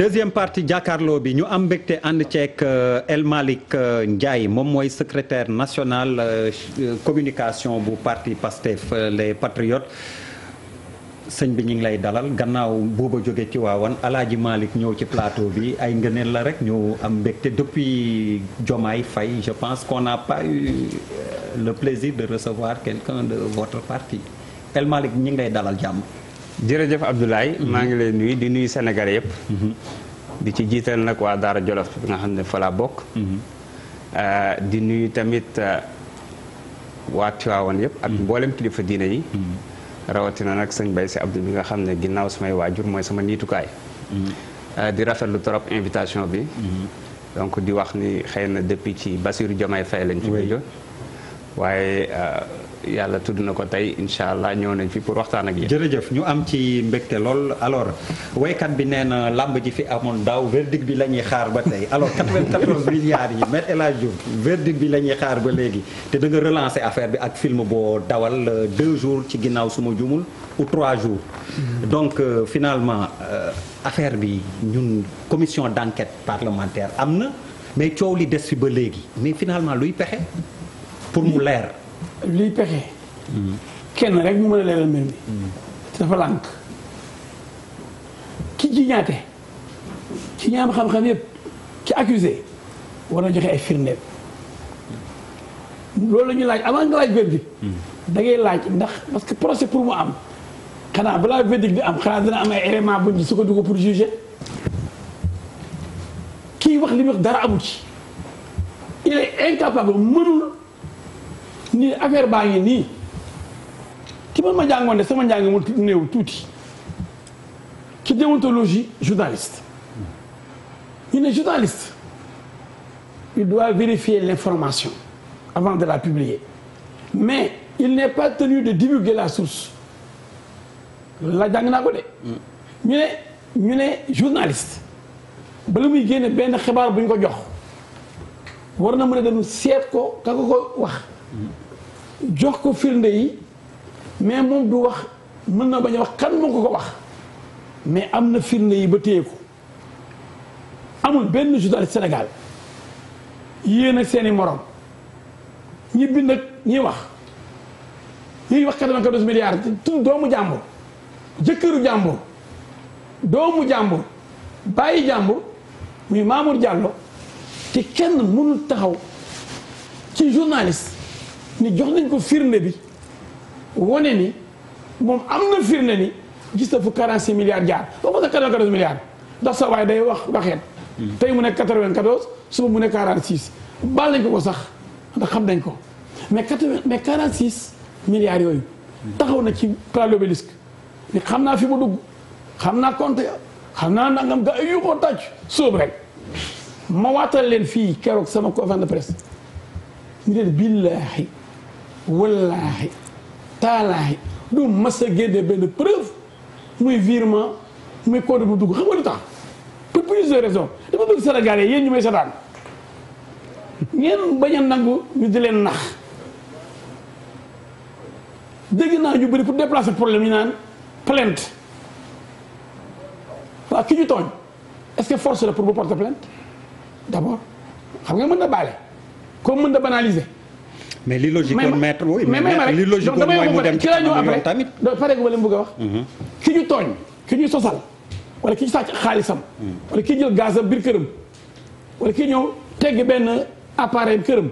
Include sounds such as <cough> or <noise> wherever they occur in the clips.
deuxième partie jàkkaarloo bi ñu am mbégte ànd ceek euh, El Malick euh, Ndiaye moom mooy secretaire national euh, communication bu parti PASTEF les patriotes sëñ bi ñu ngi lay dalal gannaaw booba jóge ci waawan alaaji Malick ñëw ci plateau bi ay ngëneel la rek ñu am mbégte depuis Diomaye fay je pense kon n'a pas eu le plaisir de recevoir quelqu'un de votre parti El Malick ñu ngi lay dalal jàmm jërëjëf Abdoulaye. Mhm. maa ngi lay nuyu di nuyu Sénégalais yëpp. Mhm. di ci jiital nag waa Daara Jolof bi nga xam ne fa bokk. Mhm. Euh, di nuyu tamit euh, waa Tiwaawan yëpp. ak mboolem kilifa diine yi. rawatina nag sëñ Baye si Abdou bi nga xam ne ginnaaw samay waajur mooy sama niitukaay. Euh, di rafetlu trop invitation bi. donc di wax ni xëy na depuis ci Bassirou Diomaye Faye lañ ci mujj. waaye. yàlla tudd na ko tey incha allah ñëw nañ fi pour waxtaan ak yéen. jërëjëf ñu am ci mbégte lool alors waykat bi nee na làmb ji fi amoon daw verdict bi la ñuy xaar ba tey alors 94 milliards yi Me El Hadji Diouf verdict bi la ñuy xaar ba léegi te da nga relancer affaire bi ak film boo dawal euh, deux jours ci ginnaaw su ma jumul ou trois jours. Mm-hmm. donc euh, finalement euh, affaire bi ñun commission d'enquête parlementaire am na mais coow li des fi ba léegi mais finalement luy pexe. kenn rek mu mën a leeral mbir mi. dafa lànk ki ci ñaate ci ñaam xam-xam yëpp ci accusé war na joxe ay firndeem loolu la ñuy laaj avant nga laaj verdict da ngay laaj ndax parce que procès pour mu am xanaa balaa verdict di am xanaa dina am ay élément bu ñu sukkandiku pour juger ki wax li dara amu ci il est incapable nii affaire baa ngi nii ki man ma jàngoon de sama njàng mu néew tuuti ci déontologie journaliste ñu ne journaliste il doit vérifier l'information avant de la publier mais il n'est de divulguer la source loolu laa jàng naa ko de ñu ne ñu ne journaliste bala muy génne benn xibaar bu ñu ko jox war na mën a dem seet ko ka ko ko wax jox ko firnde yi mais moom du wax mën na bañ a wax kan moo ko ko wax mais am na firnde yi ba téye ko amul benn journaliste Sénégal yéen ak seeni morom ñi nag ak ñi wax ñi wax quatre-vingt-quatorze milliards tudd doomu jàmbur jëkkëru jàmbur doomu jàmbur bàyyi jàmbur muy Mamour Diallo te kenn mënul taxaw ci journaliste ni jox nañ ko firnde bi wane ni moom am na firnde ni gis na fu 46 milliards jaar waxuma sa 94 milliards ndax sa day wax waxeet hmm. tey mu nekk 94 suba mu nekk 46 baal nañ ko ko sax ndax xam nañ ko mais 80 mais 46 milliards yooyu hmm. taxaw na ci place l'Obélisque ni xam naa fi mu dugg xam naa compte xam naa nangam ga yu ko tàcc rek ma waatal leen fii keroog sama conférence de presse ñu leen billaahi wallaahi taalaahi du mas a génne benn preuve muy virement muy compte bu dugg xam nga lu tax pour plusieurs raisons dafa bëgg Sénégalais yéen ñu may seetaan ngeen bañ a nangu ñu di leen nax dégg naa ñu bëri pour déplacer problème ñu naan plainte waaw ki ñu tooñ est-ce que force la pour bu porter plainte d'abord xam nga mën na baale comme mën na banaliser mais li logique woon maître oui mais li logique woon mooy mu dem ci lañu après tamit pare ma leen bëgg a wax mhm. ki ñu tooñ ki ñu sosal wala ki ñu sàcc xaalisam mhm. wala ki jël gazam biir këram wala ki ñëw tegg benn appareil këram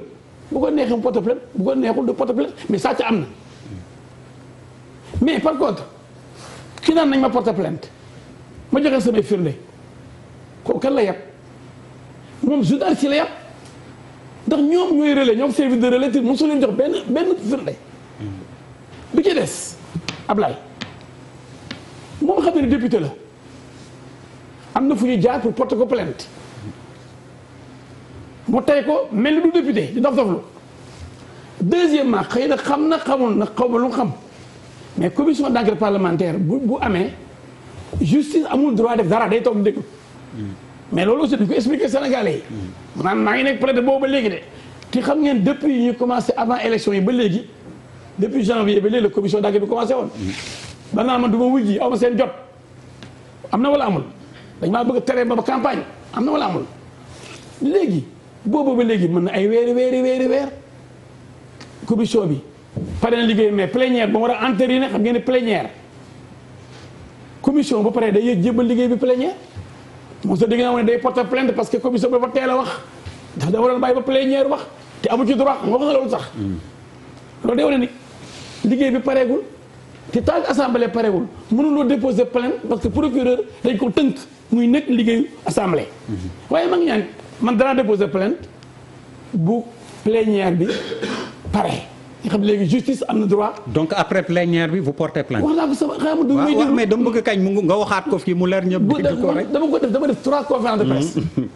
bu ko neexee mu porte plainte bu ko neexul du porte plainte mais sàcc am na mais par contre ki naan nañ ma porte plainte ma joxe samay firnde kooku kan la yàpp moom journaliste la yàpp ndax ñoom ñooy relais ñoom service de relais te mosu leen jox benn benn firnde hmm. bi ci des Ablaye moom xam ne député la am na fu ñu jaar pour porter ko mu tey ko mel ni du député di dof doflu deuxièmement xëy na xam na xamul na xaw ma lu xam mais commission d'enquête parlementaire bu bu amee justice amul droit def dara day toog déglu hmm. mais loolu aussi dañ ko expliquer Sénégalais yi. maanaam maa ngi nekk prêt boobu ba léegi de. te xam ngeen depuis ñu commencé avant élection yi ba léegi depuis janvier ba léegi la commission d'enquête bi commencé woon. ba naa man du ma wujji aw ma seen jot. am na wala amul dañ maa bëgg a tere ba campagne am na wala amul léegi boobu ba léegi mën na ay weeri weeri weeri weer commission bi pare na liggéey mais plénière ba war a entériner xam ngeen ne plénière commission ba pare day jébbal liggéey bi plénière. Moussa di nga xam ne day porter plainte parce que commission bi dafa teel a wax dafa dafa doon bàyyi ba plénière wax te amu ci droit moo ko nga loolu sax hmm. loolu day wane ni liggéey bi pareegul te tant assemblée pareegul mënuloo déposer plainte parce que procureur dañ ko tënk muy nekk liggéeyu assemblée hmm. waaye mag ngi ñaan man danaa déposer plainte bu plénière bi pare ñu xam justice am na droit. donc après plénière bi vous portez plainte. wax naa ko sama xaaral ma dugg may déglu mais dama bëgg kañ mu nga waxaat ko fii dama ko def dama def trois conférences de mm-hmm.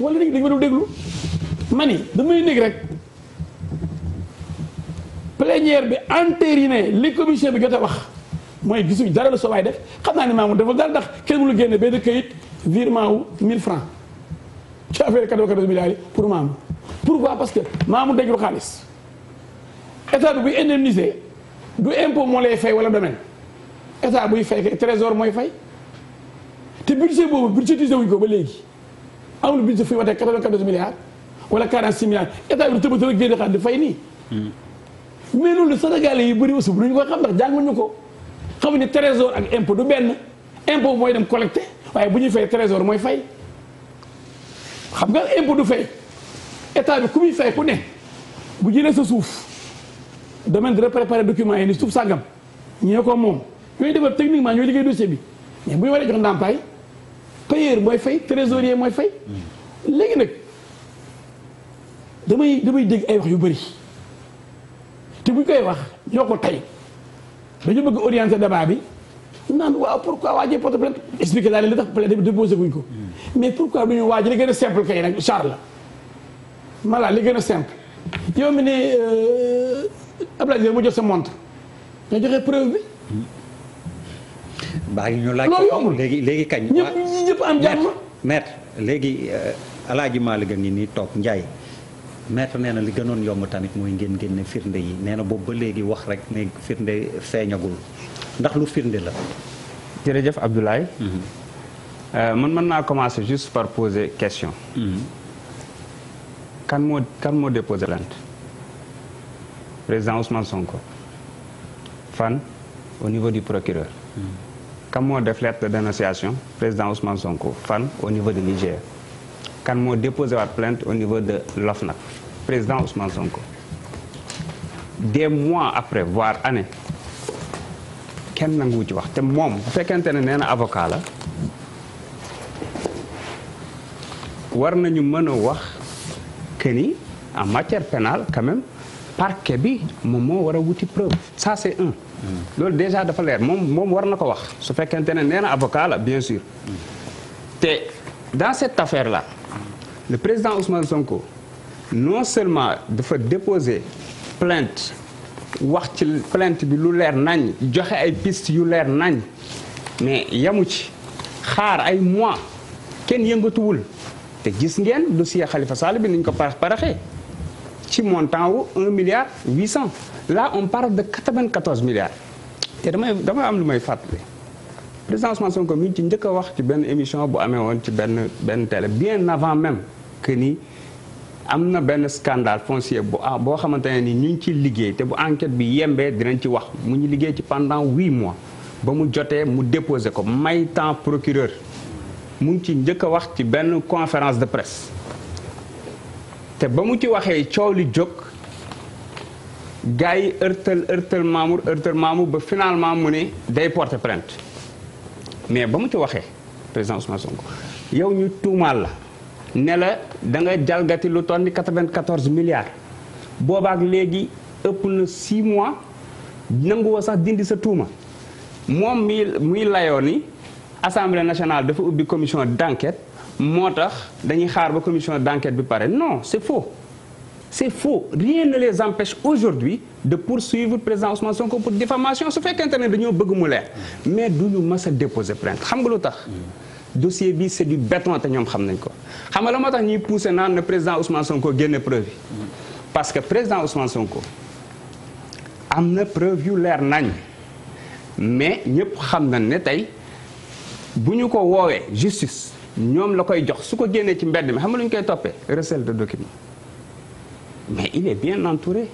<laughs> ma doon déglu. ma ni damay nekk rek plénière bi bi jot a wax mooy gisuñ dara la Sowaay def xam naa ne maamu dafa dara ndax kenn mënu génne benn këyit virement wu pour maamu. pourquoi que maamu dajul xaalis. état bi buy indemniser du impôt moo lay fay wala domaine état buy fay kay trésor mooy fay te budget boobu budgétisé wuñ ko ba léegi amul budget fu ñu watee 94 milliards wala 46 milliards état bi du tëb a tëb a génne xaalis di fay nii. Hmm. mais loolu Sénégalais yi bëri aussi bu ñu ko xam ndax jànguñu ko xamuñu ne trésor ak impôt du benn impôt mooy dem collecté waaye bu ñu fay trésor mooy fay xam nga impôt du fay état bi ku muy ne bu jëlee sa suuf. domaine de préparer document yi ni suuf sàngam ñee ko moom ñooy defar techniquement ñooy liggéey dossier bi mais bu ñu waree jox ndàmpaay payeur mooy fay trésorier mooy fay. léegi nag damay damay dégg ay wax yu bëri ti buñ koy wax ñoo ko tey dañu bëgg orienter débat bi naan waaw pourquoi waajee porte plainte expliqué laa leen li tax plainte bi déposé guñ ko. mais pourquoi du ñu waaj li gën a simple kay nag Charles la. voilà li gën a simple yow mi euh, Abdoulaye Dieng mu jot joxe preuve bi. baa ngi ñu laaj loolu yombul léegi léegi kañ. ñëpp ñëpp am jàmm maître léegi euh, alaaji Malick a ngi nii toog Ndiaye maître nee na li gënoon yomb tamit mooy ngeen génne firnde yi nee na boobu ba léegi wax rek ne firnde feeñagul ndax lu firnde la. jërëjëf Abdoulaye. Mhm. Euh, man mën naa commencer juste par poser question. Mhm. kan moo kan moo déposé plainte. président Ousmane Sonko fan au niveau du procureur kan moo def lettre de dénonciation président Ousmane Sonko fan au niveau de l'IGE kan moo déposé waat plainte au niveau de lof nag président Ousmane Sonko des mois après voir année kenn nangu nanguwu ci wax te moom bu fekkente ne nee na avocat la war nañu mën a wax que ni en matière pénale quand parquet bi moom moo war a wuti preuve ça c'est un loolu déjà dafa leer moom moom war na ko wax su fekkente ne nee na avocat la bien sûr te dans cette affaire la le président Ousmane Sonko non seulement dafa déposer plainte wax ci plainte bi lu leer nañ joxe ay piste yu leer nañ mais yamu ci xaar ay mois kenn yëngatuwul te gis ngeen lu si dossier xalifa Sall bi niñ ko paraxee ci montant wu 1 milliard 800 là on parle de 94 milliards te damay damay am lu may fàttali président Ousmane Sonko mi ngi ci njëkk a wax ci benn émission bu amee woon ci benn benn télé bien avant même que ni am na benn scandale foncier bu ah, boo xamante ne ni ñu ngi ciy liggéey te bu enquête bi yembee dinañ ci wax mu ñu liggéey ci pendant huit mois ba mu jotee mu déposé ko may temps procureur mu ngi ci njëkk a wax ci benn conférence de presse. te ba mu ci waxee coow li jóg gars yi ërtal ërtal Mamour ërtal Mamour ba finalement mu ne day porter plainte mais ba mu ci waxee président Ousmane Sonko yow ñu tuumaal la ne la da nga jalgati lu toll ni 94 milliards boobaak léegi ëpp na 6 mois nanguwoo sax dindi sa tuuma moom mi muy layoo ni assemblée nationale dafa ubbi commission d' enquête moo tax dañuy xaar ba commission d'enquête bi pare non c'est faux c'est faux rien ne les empêche aujourd'hui de poursuivre président Ousmane Sonko pour diffamation su fekkente ne dañoo bëgg mu leer mais du ñu mës a déposer plainte xam nga lu tax dossier bi c'est du béton te ñoom xam nañ ko xam nga la moo tax ñuy poussé naan na président Ousmane Sonko génne preuve yi parce que président Ousmane Sonko am na preuve yu leer nañ mais ñëpp xam na ne tey bu ñu ko woowee justice ñoom la koy jox su ko génnee ci mbedd mi xam nga lu ñu koy toppee recel de document mais il est bien entouré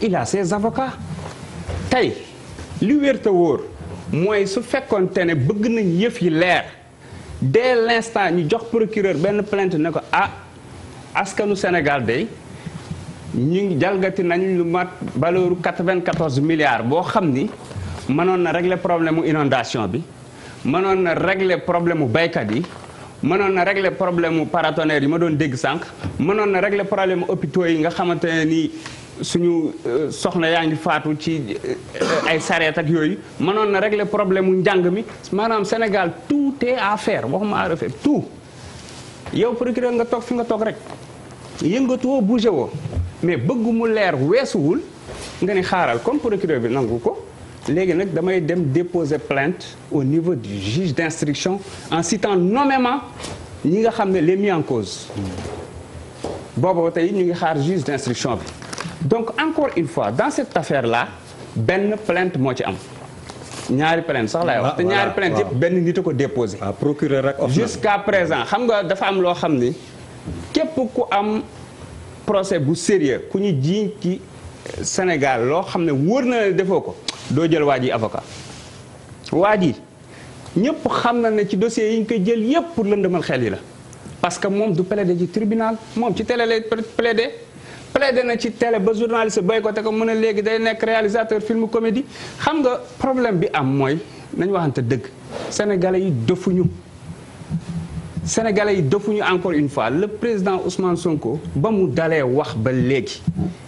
il a ses avocats tey li wér te wóor mooy su fekkoonte ne bëgg nañ yëf yi leer dès l'instant ñu jox procureur benn plainte ne ko ah askanu Sénégal day ñu ngi jalgati nañ lu mat valeur 94 milliards boo xam ni mënoon na régler problème mu inondation bi mënoon na régler problème mu baykat yi mënoon na réglé problème mu paratonnerre yi ma doon dégg sànq mënoon na régler problème hôpitaux yi nga xamante ne nii suñu euh, soxna yaa ngi faatu ci euh, ay sareet ak yooyu mënoon na régler problème mu njàng mi maanaam Sénégal tout te à faire waxuma à refaire tout yow procureur nga toog fi nga toog rek yëngatuwoo bougé woo mais bëgg mu leer weesuwul nga ni xaaral comme procureur bi nangu ko léegi nag damay dem déposer plainte au niveau du juge d'instruction en citant nommément ñi nga xam ne les mis en cause boobu ba tey ñu ngi xaar juge d'instruction bi donc encore une fois dans cette affaire la benn plainte moo ci am ñaari plainte sax laay wax te ñaari plainte yëpp benn nit ko déposé ah, procureur rek jusqu'à présent xam nga dafa am loo xam ni képp ku am procès bu sérieux ku ñu jiiñ ci Sénégal loo xam ne wóor na defoo ko doo jël waa ji avocat waa ji ñëpp xam na ne ci dossier yi ñu koy jël yëpp pour lëndëmal xel yi la parce que moom du plaider ci tribunal moom ci télé lay plaider plaider na ci tele ba journaliste boycotté ko mën a léegi day nekk réalisateur film comédie xam nga problème bi am mooy nañu waxante dëgg sénégalais yi dofuñu sénégalais yi dofuñu encore une fois le président Ousmane Sonko ba mu dalee wax ba léegi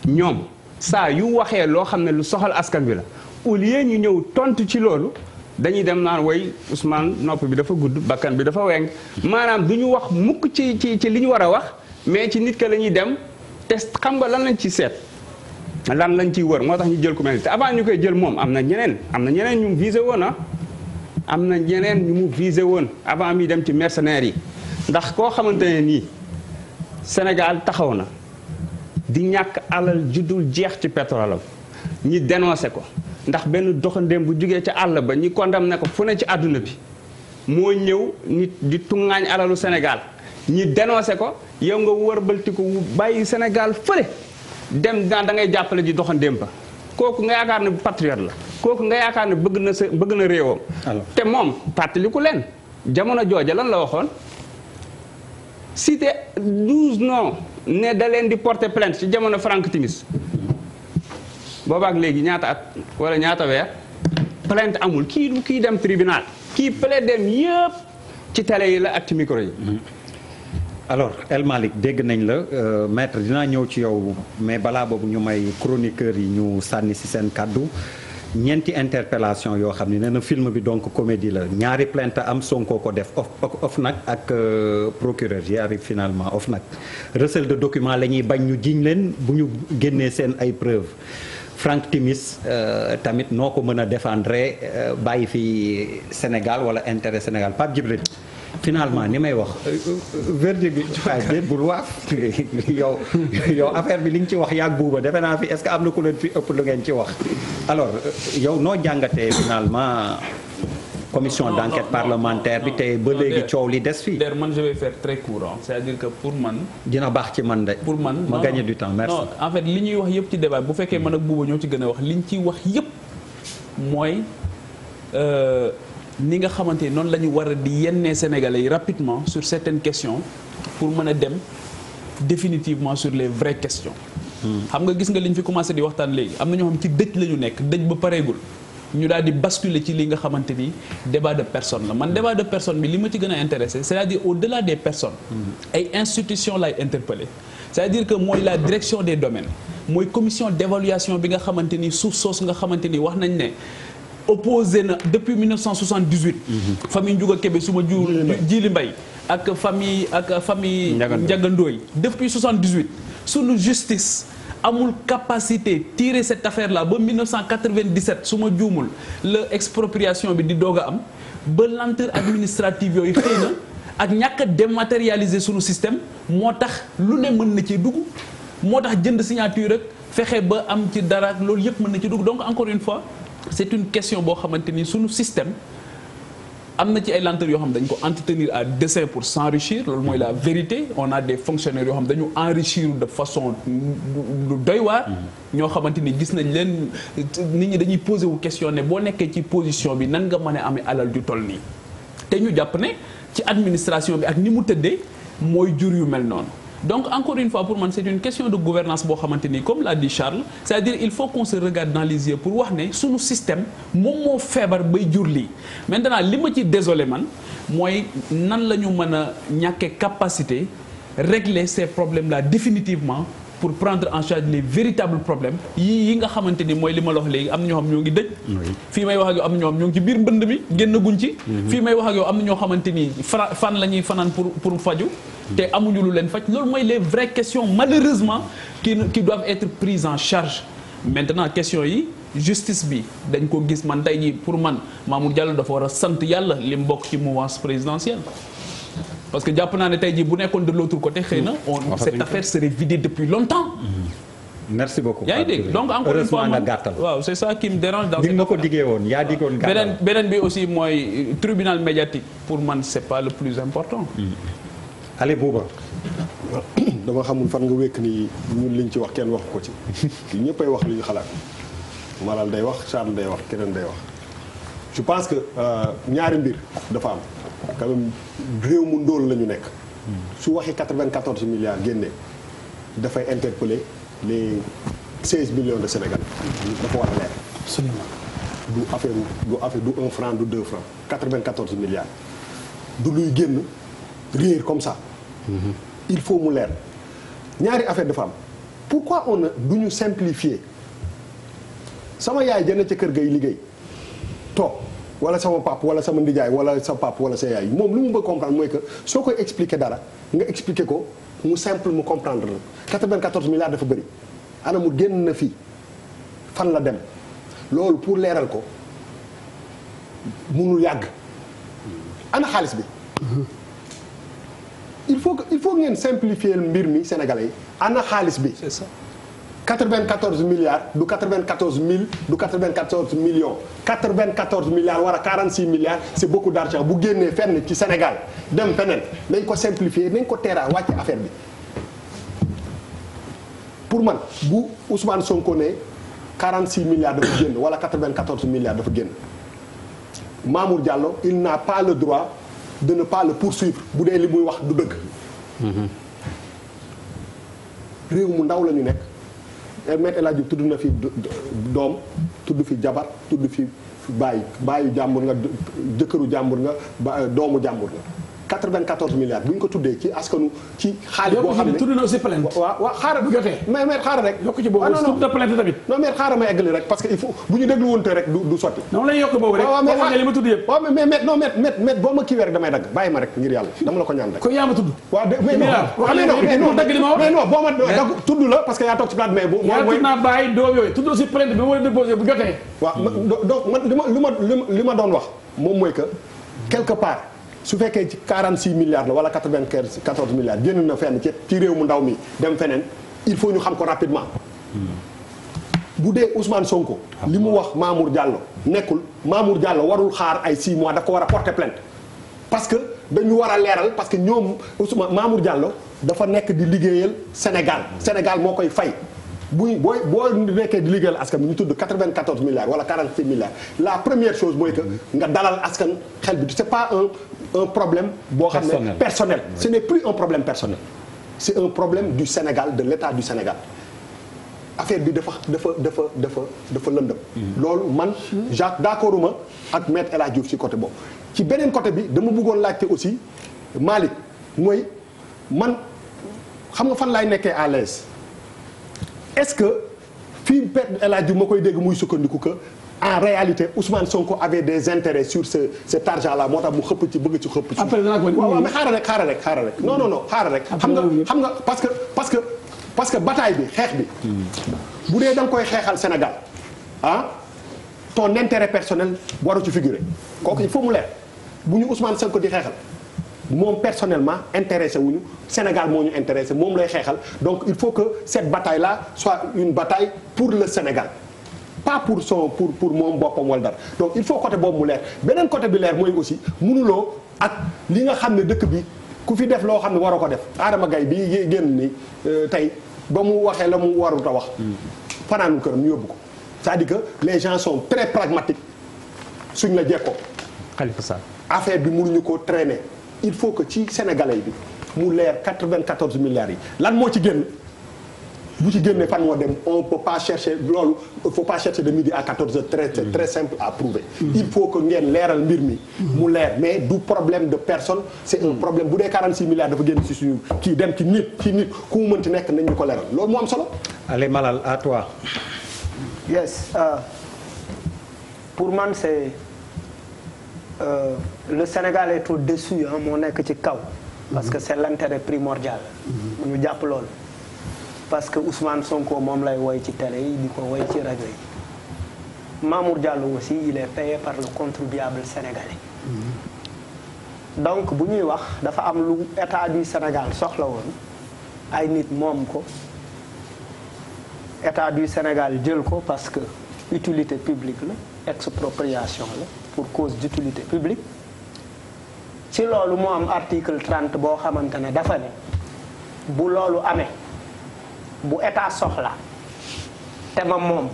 ñoom saa yu waxee loo xam ne lu soxal askan wi la au lieu ñu ñëw tontu ci loolu dañuy dem naan way Ousmane nopp bi dafa gudd bakkan bi dafa weng maanaam du ñu wax mukk ci ci ci li ñu war a wax mais ci nit ka la ñuy dem te xam nga lan lañ ci seet lan lañ ciy wër moo tax ñu jël ku mel ni te avant ñu koy jël moom am na ñeneen am na ñeneen ñu mu visé woon ah am na ñeneen ñu mu visé woon avant mi dem ci mercenaires yi ndax koo xamante ne nii Sénégal taxaw na di ñàkk alal juddul jeex ci pétrole am ñi dénoncé ko ndax benn doxandéem bu jugee ca àll ba ñi condamné ko fu ne ci àdduna bi moo ñëw nit di tuŋaañ alalu Sénégal ñi dénoncé ko yow nga wërbaltiku bàyyi Sénégal fële dem daan da ngay jàppale ji doxandéem ba kooku nga yaakaar ne bu patriote la kooku nga yaakaar ne bëgg na sa bëgg na réewam te moom fàttaliku leen jamono jooja lan la waxoon cité douze non ne da leen di porte plainte ci jamono Franck Timis boobaak léegi ñaata at wala ñaata weer plainte amul kii kii dem tribunal kii plainte dem yëpp ci télé yi la ak ci micro yi. Mm-hmm. alors El dégg nañ la euh, maître dinaa ñëw ci yow mais balaa boobu ñu may chroniqueur yi ñu sànni si seen kàddu ñeenti interpellation yoo xam ne nee na film bi donc comédie la ñaari plainte am Sonko ko def of of nag ak euh, procureur yi arrive finalement of nag recel de document la ñuy bañ ñu jiñ leen bu ñu génnee seen ay preuves. Franck Timis euh, tamit noo ko mën a défendre euh, bàyyi fi Sénégal wala intérêt Sénégal Pape Djibril finalement ni may wax euh, verdict bi <laughs> waaye déet bul waaf <laughs> yow yow affaire bi li nga ci wax yaag buuba defe naa fi est-ce que am na ku leen fi ëpp lu ngeen ci wax alors yow noo jàngatee finalement commission d'enquête parlementaire bi tey ba léegi coow li des fii. d'ailleurs man je vais faire très c'est-à-dire que pour man. dina baax ci man de. pour man ma gagner du temps merci. non en li ñuy wax yëpp ci débat bu fekkee man ak Bouba ñoo a wax li wax yëpp mooy euh, ni nga xamante ni noonu la ñu war a di yennee Sénégalais yi rapidement sur certaines questions pour mën a dem définitivement sur les vraies questions. Hmm. xam nga gis nga li ñu fi commencé di waxtaan léegi am na ñoo xam ci dëj la ñu nekk dëj ba pareegul. ñu daal di basculer ci li nga xamante ni débat de personne la man débat de personne bi li ma ci gën a intéressé c'est-à-dire au-delà des personnes mhm. ay institutions lay interpellé c'est-à-dire que mooy la direction des domaines mooy commission d'évaluation bi nga xamante ni suuf soosu nga xamante ni wax nañ ne opposé na depuis 1978 mhm. famille Ndiouga Kébé su ma ju Djily Mbaye ak famille ak famille Ndiagandooy depuis 78 sunu justice amul capacité tirer cette affaire là ba 1997 su ma juumul la expropriation bi di doog a am ba lenteur administrative yooyu xëy na ak ñàkk a dématérialiser sunu système moo tax lu ne mën na ci dugg moo tax jënd signature ak fexe ba am ci dara loolu yëpp mën na ci dugg donc encore une fois c'est une question boo xamante ni sunu système. am na ci ay lenteur yoo xam dañ ko entretenir à dessein pour s'enrichir loolu mooy la vérité on a des fonctionnaires yoo xam dañu enrichir de façon lu doy waar ñoo xamante ni gis nañ leen nit ñi dañuy posé wu question boo nekkee ci position bi nan nga mën a amee alal ju toll nii te ñu jàpp ne ci administration bi ak ni mu tëddee mooy jur yu mel noonu donc encore une fois pour man c'est une question de gouvernance boo xamante ni comme l'a dit Charles c'est-à-dire il faut qu'on se regarde dans pour wax ne suñu système moom moo feebar bay jur lii maintenant li ma ci désolé man mooy nan la ñu mën a ñàkkee capacité régler ces problème là définitivement pour prendre en charge les véritables problèmes yi nga xamante ni mooy li ma la wax léegi am na ñoo xam ñoo ngi dëj fii may wax ak am na ñoo xam ci biir mbënd mi génn guñ mhm. fii may wax ak yow am na ñoo xamante ni fan la ñuy fanaan pour pour faju te amuñu lu leen faj loolu mooy les vraies questions malheureusement qui qui doivent être prises en charge maintenant question yi justice bi dañ ko gis man tey jii pour man Mamour Diallo dafa war a sant yàlla li mu bokk ci mouvance présidentielle parce que jàpp naa ne tey jii bu nekkoon de l'autre côté xëy na on mmh. cette affaire serait vidée depuis longtemps mmh. merci beaucoup dégg donc encore une fois man waaw c'est ça qui me dérange dans cette ma ko diggee woon beneen bi aussi mooy euh, tribunal médiatique pour man c'est pas le plus important mm. ale buuba dama xamul fan nga wékk nii ñun liñ ci wax kenn waxu ko ci kii ñëppay wax li ñu xalaat Malal day wax Charles day wax keneen day wax je pense que euh, ñaari mbir dafa am quand réew mu ndóol lañu nekk su waxee 94 milliards génnee dafay interpeller les 16 millions de Sénégalais dafa war a leer absolument du affaire du affaire du 1 franc du 2 francs milliards du luy génn réer comme ça Mm-hmm. il faut mu leer ñaari affaire dafa am pour pourquoi on du ñu simplifier sama yaay jënd ca kër gay liggéey toog wala sama pap wala sama ndijaay wala sa pap wala sa yaay moom lu mu bëgg comprendre mooy que soo koy expliquer dara nga expliquer ko mu simple mu comprendre la 94 milliards dafa bëri ana mu génn na fii fan la dem loolu pour leeral ko munul yàgg ana xaalis bi mm-hmm. il faut que il faut ngeen simplifier mbir mi Sénégalais yi xaalis bi. c'est ça 94 du 94 mille du 94 millions 94 milliards wala 46 milliards c'est beaucoup d'argent bu génnee fenn ci Sénégal dem feneen nañ ko simplifier nañ ko teeraa wàcc affaire bi pour man bu Ousmane Sonko ne 46 milliards dafa génn wala 94 milliards dafa génn Mamour Diallo il n'a pas le droit. de ne pas le poursuivre bu dee li muy wax du dëkk réew mu ndaw lañu nekk. Eh, Me El tudd na fi doom tudd fi jabar tudd fi bàyyi bàyyi jàmbur nga jëkkëru jàmbur nga doomu jàmbur nga. 94 milliards bu ñu ko tuddee ci askanu ci xaalis boo xam ne tudd na aussi plainte waaw waaw ah, ma eggali bu ñu déglu woon te li ma li ma li ma li ma doon wax moom mooy que quelque part su fekkee ci 46 milliards la wala 95 14 milliards génn na fenn ci ci réew mu ndaw mi dem feneen il faut ñu xam ko rapidement. Hmm. bu dee Ousmane Sonko. li mu wax Mamour Diallo nekkul Mamour Diallo warul xaar ay 6 mois da ko war a porter plainte parce que dañu war a leeral parce que ñoom Ousmane Mamour Diallo dafa nekk di liggéeyal Sénégal Sénégal moo koy fay. buy booy boo nekkee di liggéeyal askan bi ñu tudd 94 milliards wala 46 milliards la première chose mooy que dalal askan xel bi c'est pas un problème boo xam ne personnel ce n'est plus un problème personnel c'est un problème du Sénégal de l'état du Sénégal affaire bi dafa dafa dafa dafa dafa lëndëm mhm. loolu man Jacques d'accorduma ak maître El Hadj Diouf ci côté boobu ci beneen côté bi dama bëggoon laajte aussi Malick mooy man xam nga fan laay nekkee à l'aise est-ce que fii maître El Hadj ma koy dégg muy sukkandiku que en réalité Ousmane Sonko avait des intérêts sur ce cet argent moo tax mu xëpp ci bëgg ci xëpp ci. après nag waaw mais xaaral rek xaaral rek xaaral rek non non non xaaral rek. xam nga xam parce que parce que parce que bataille bi xeex bi. bu dee da nga koy xeexal Sénégal ah ton intérêt personnel waru ci figure kooku il faut mu leer bu ñu Ousmane Sonko di xeexal. moom personnellement intéressé wu ñu Sénégal moo ñu intéressé moom lay xeexal donc il faut que cette bataille la soit une bataille pour le Sénégal pas pour son pour pour moom boppam wala dara donc il faut côté boobu mu leer beneen côté bi leer mooy aussi mënuloo ak li nga xam ne dëkk bi ku fi def loo xam ne waroo ko def Adama Gaye bi génn ni euh, tey ba mu waxee la mu warut a wax fanaanu këram ñu yóbbu ko c'est-à-dire que les gens sont très pragmatiques suñ la jekkoo Khalifa Sall affaire bi mënuñu ko trainer il faut que ci sénégalais bi mu leer 94 milliards yi lan moo ci génn bu ci génnee fan moo dem on peut pas chercher loolu faut pas chercher de midi à 14 heures très c'est très simple à prouver mm-hmm. il faut que ngeen leeral mbir mi mm-hmm. mu leer mais du problème de personne c'est un mm-hmm. problème bu dee 46 milliards dafa génn ci suñu kii dem ci nit ci nit ku mu mënti nekk nañu ko leeral loolu moo am solo allez Malal à toi yes euh, pour man c'est euh, le Sénégal est au-dessus hein moo nekk ci kaw parce que c'est l'intérêt primordial ñu jàpp loolu parce que Ousmane Sonko moom lay woy ci télé yi di ko woy ci rajo yi Mamour Diallo aussi il est payé par le contribuable sénégalais. Mm-hmm. donc bu ñuy wax dafa am lu état du Sénégal soxla woon ay nit moom ko état du Sénégal jël ko parce que utilité publique la expropriation la pour cause d'utilité publique ci loolu moo am article 30 boo xamante ne dafa ne bu loolu amee. bu état soxla te ma moom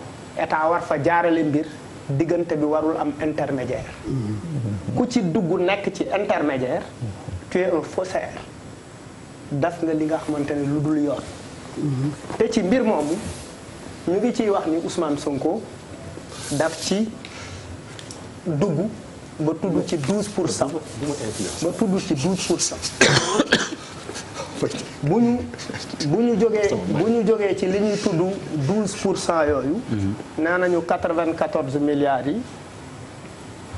état war fa jaarale mbir diggante bi warul am intermédiaire ku ci dugg nekk ci intermédiaire tu es faussaire daf nga li nga xamante ne lu dul yoon te ci mbir moomu ñu ngi ciy wax ni Ousmane Sonko daf ci dugg ba tudd ci 12 pour cent ba tudd ci 12 pour bu ñu bu ñu jógee bu ñu jógee ci li ñuy tudd 12 pour cent yooyu. Mhm. nee nañu 94 yi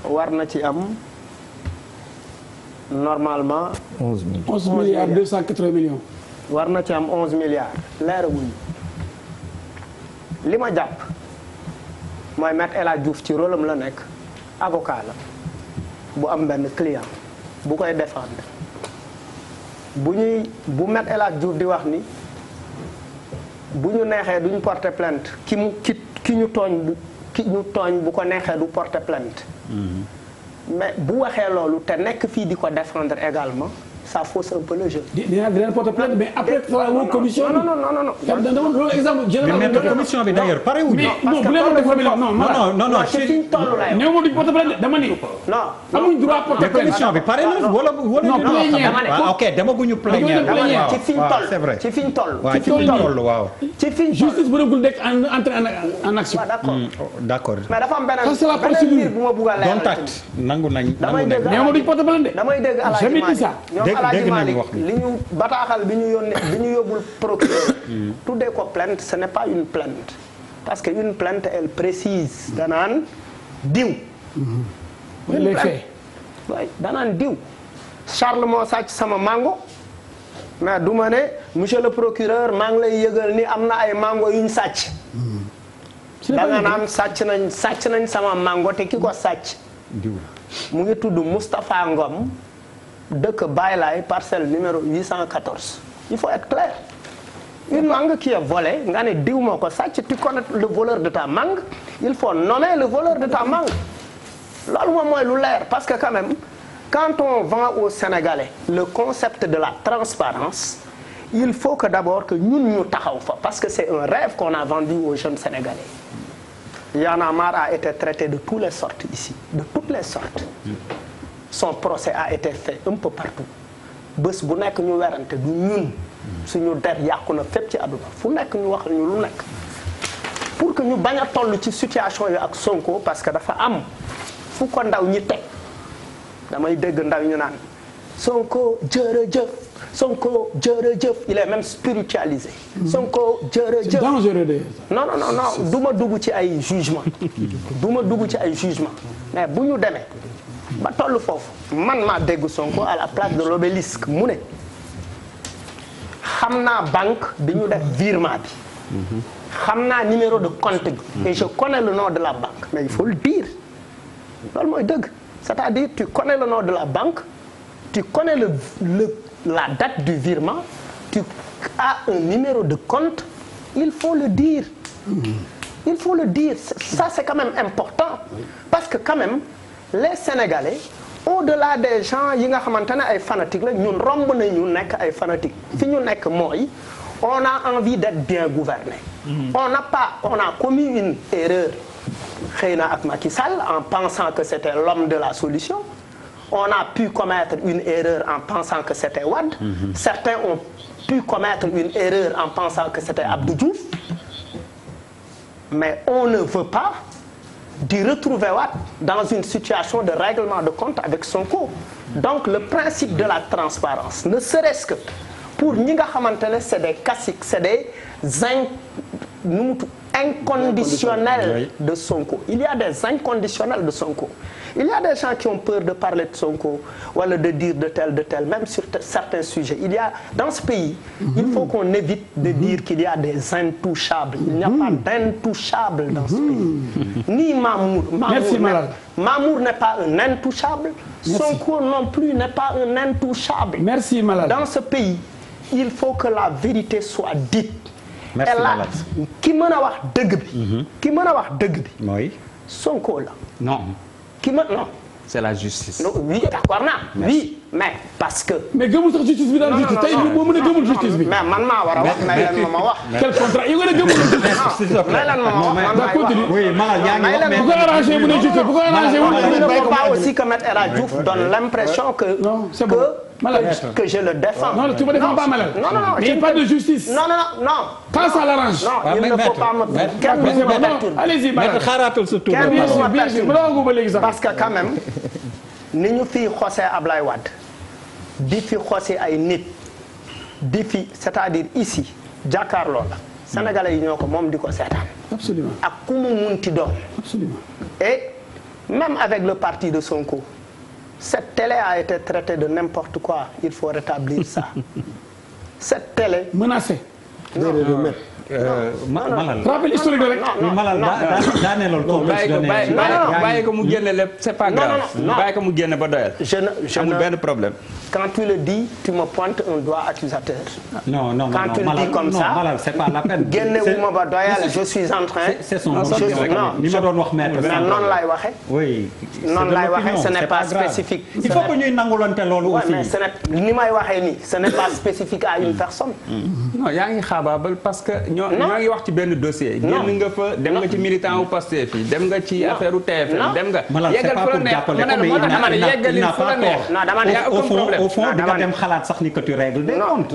war na ci am normalement. 11 milliards 11 milliards 280 millions. war na ci am 11 milliards leeraguñu li ma jàpp mooy Maître El Hadji ci rôlam la nekk avocat la bu am benn client bu koy défendre. bu ñuy bu met El Hadj di wax ni bu ñu neexee duñ porte plainte ki mu ki ki ñu tooñ bu ki ñu tooñ bu ko neexee du porte plainte mm-hmm. mais bu waxee loolu te nekk fii di ko défendre également ça fausse un peu le jeu. di dina dina porter plainte mais après. commission non non non non. loolu exemple jërëjëf. commission bi d'ailleurs pare wu ñu. non bu leen non non non non. ci ñu toll laay wax néew du porter plainte dama ni. non amuñ droit porter plainte. commission bi pare na wala wala. non plénière waaw ah, ok dama guñu plénière. waaw ci fi ñu toll c'est vrai ci fi ñu toll. ci fi ñu toll waaw. ci fi ñu toll justice bëreegul nekk en entre en action. Hmm, oh, d'accord mais dafa am beneen. ça c'est la procédure. donc nangu nañ. damay dégg damay dégg Alaaji Malick li ñu bataaxal bi ñu yónnee bi ñu yóbbul procureur hmm. tuddee ko plainte ce n'est pas une plainte parce que une plainte elle précise danaan diw hmm. danaan diw Charles moo sàcc sama mango mais du ma ne monsieur le procureur maa ngi lay yëgal ni am na ay mango yuñ sàcc da nga naan sàcc nañ sàcc nañ sama mango te ki ko sàcc mu ngi tudd Moustapha Ngom de Baye Laye parcelle numéro 814 il faut être clair une mangue qui est volée nga ne diw moo ko sàcc tu connais le voleur de ta mangue il faut nommer le voleur de ta mangue loolu moom mooy lu leer parce que quand même quand on vend aux Sénégalais le concept de la transparence il faut que d'abord que ñun ñu taxaw fa parce que c'est un rêve qu'on a vendu aux jeunes Sénégalais Y en a été traité de toutes les sortes ici de toutes les sortes son procès a été fait un peu partout bés bu nekk ñu werante du ñun suñu der yàqu na fépp ci àdduna fu nekk ñu wax ñu lu nekk pour que ñu bañ a toll ci situation yi ak Sonko parce que dafa am fu ko ndaw ñi teg damay dégg ndaw ñu naan Sonko jërëjëf Sonko jërëjëf il est même spiritualisé. Hmm. Sonko jërëjëf dangereux de. non non non non du ma dugg ci ay jugement du ma dugg ci ay jugement mais bu ñu demee. ba toll foofu man maa dégg Sonko à la place de l'obélisque mu ne xam naa banque bi ñu def virement bi xam naa numéro de compte bi et je connais le nom de la banque mais il faut le dire loolu mooy dëgg c'est-à-dire tu connais le nom de la banque tu connais le, le la date du virement tu as un numéro de compte il faut le dire il faut le dire ça c'est quand même important parce que quand même les sénégalais au-delà des gens yi nga xamante ne ay fanatiques la ñun romb na ñu nekk ay fanatiques fi ñu nekk mooy on a envie d'être bien gouverné mm-hmm. on a commis une erreur xëy na ak Macky Sall en pensant que c'était l'homme de la solution on a pu commettre une erreur en pensant que c'était Wade mm -hmm. certains ont pu commettre une erreur en pensant que c'était Abdou Diouf mais on ne veut pas di retrouver waat dans une situation de règlement de compte avec Sonko donc le principe de la transparence ne serait-ce que pour ñi nga xamante ne c'est des caciques c'est des in nu mutu inconditionnels de Sonko il y a des inconditionnels de Sonko il y a des gens qui ont peur de parler de Sonko wala de dire de tel de tel même sur certains sujets il y a dans ce pays mm -hmm. il faut mm-hmm. qu'on évite de mm-hmm. dire qu'il y a des intouchables il n'y a pas mm-hmm. d'intouchables dans ce pays ni Mamour n'est pas un intouchable Sonko non plus n'est pas un intouchable dans ce pays il faut que la vérité soit dite merci la ki mën a wax dëgg bi ki mën a wax dëgg bi Sonko la qui me non. c'est la justice. non oui d'accord naa. oui mais parce que. mais gëmul sax justice bi daan justice tey moo mën a gëmul justice bi. mais man maa war a wax may leen ma wax. quel contrat yow nga ne gëmul justice. may leen ma wax man maa continue. oui Malal yaa ngi wax mais bu ko arrangé bu ne justice bu ko arrangé. wala ne pas aussi que Maître El Hadj Diouf donne l'impression que que. Malal que je le défends. non tu me défends pas Malal. non non mais il n'y a pas de justice. non non non. pas ça l'arrange. non ah, il ne faut pas me. kenn du ma perturbe allez-y Malal xaaraatul sa tour. kenn du ma perturbe ba léegi sax. parce que quand même <laughs> ni ñu fi xosee Ablaye Wade di fi xosee ay nit di fi c'est-à-dire ici jàkkaarloo la. Sénégalais yi ñoo ko moom di ko seetaan. absolument ak ku mu munti doon. absolument et même avec le parti de Sonko. Cette télé a été traitée de n'importe quoi. Il faut rétablir ça. <laughs> Cette télé. Menacée. Non, non, non. Eh, malal rappel historique rek. malal daaneeloon ko bàyyi ko mu génne lépp c'est pas grave. bàyyi ko mu génne ba doyal. je ne amul benn problème. quand tu le dis tu me pointes un doigt accusateur. non non non quand tu le dis comme ça malal c'est pas la peine. génne wu ma ba doyal je suis en train. c'est son li ma doon wax maître. mais noonu laay waxee. oui noonu laay waxee ce n'est pas spécifique. il faut que ñuy nangulante loolu aussi. mais ce n'est ni may waxee nii ce n'est pas spécifique à une mm. personne. Mm. non yaa ngi xaabaabal parce que. ñoo ñoo ngi wax ci benn dossier. génn nga fa dem nga ci militant wu Pastef yi dem nga ci affaire u TFM dem nga. yeggal fu la neex ma ne moo tax dama ne yeggali fu la neex. non dama ne y' xalaat sax ni que tu règles des comptes.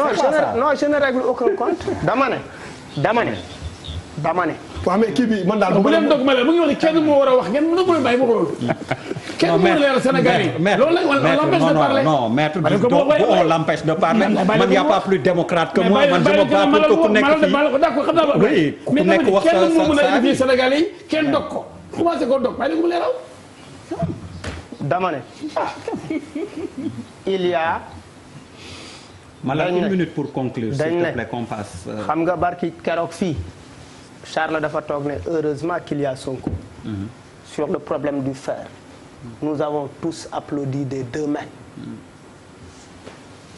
non non je ne règle dama ne waaw mais kii bi man daal bu leen dog ma mu ngi wax ne kenn moo war a wax ngeen mën a mën a bàyyi ma ko loolu. <laughs> kenn moo war a leeral Sénégal yi. loolu la on l'empêche de parler. non maître du toog on l'empêche de parler. man y a pas plus démocrate que moi man je me bats pour que ku nekk fii. d'accord xam naa ba oui ku nekk wax sa sa kenn moo mën a indi Sénégal yi kenn dog ko commencé ko dog bàyyi ko mu leeral. dama ne il y a. dañ ne dañ ne une minute pour conclure s'il te plaît qu'on passe. Euh, xam nga barki keroog fii. Charles dafa toog ne heureusement qu'il y a Sonko. Mm sur le problème du fer. nous avons tous applaudi des deux mains.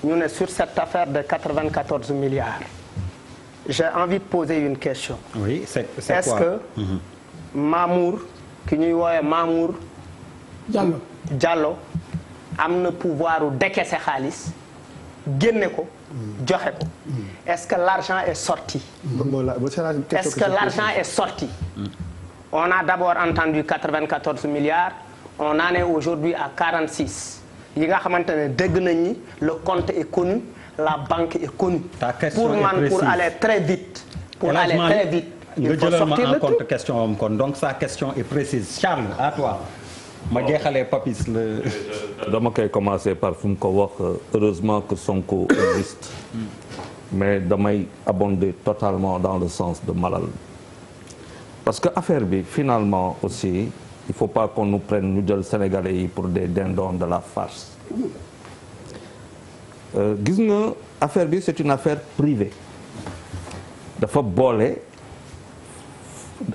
ñu ne sur cette affaire de 94 milliards. j'ai envie de poser une question. oui c'est c'est quoi est-ce que. Mhm. Mamour ki ñuy woowee Mamour. Diallo am na pouvoir u décaisser xaalis génne ko. joxe ko mm. est-ce que l'argent est sorti est-ce que l'argent est sorti on a d'abord entendu 94 milliards on a est aujourd'hui à 46 yi nga xamante ne dégg nañ le compte est connu la banque est connue pour man pour aller très vite pour aller très vite il faut sortir le tout nga donc sa question est précise Charles à toi ma jeexalee papis la. dama koy commencer par fu mu ko wax heureusement que Sonko existe mais damay abonder totalement dans le sens de Malal parce que affaire bi finalement aussi il faut pas qu'on nous prenne ñu jël sénégalais yi pour des dindons de la farce euh, gis nga affaire bi c'est une affaire privée boole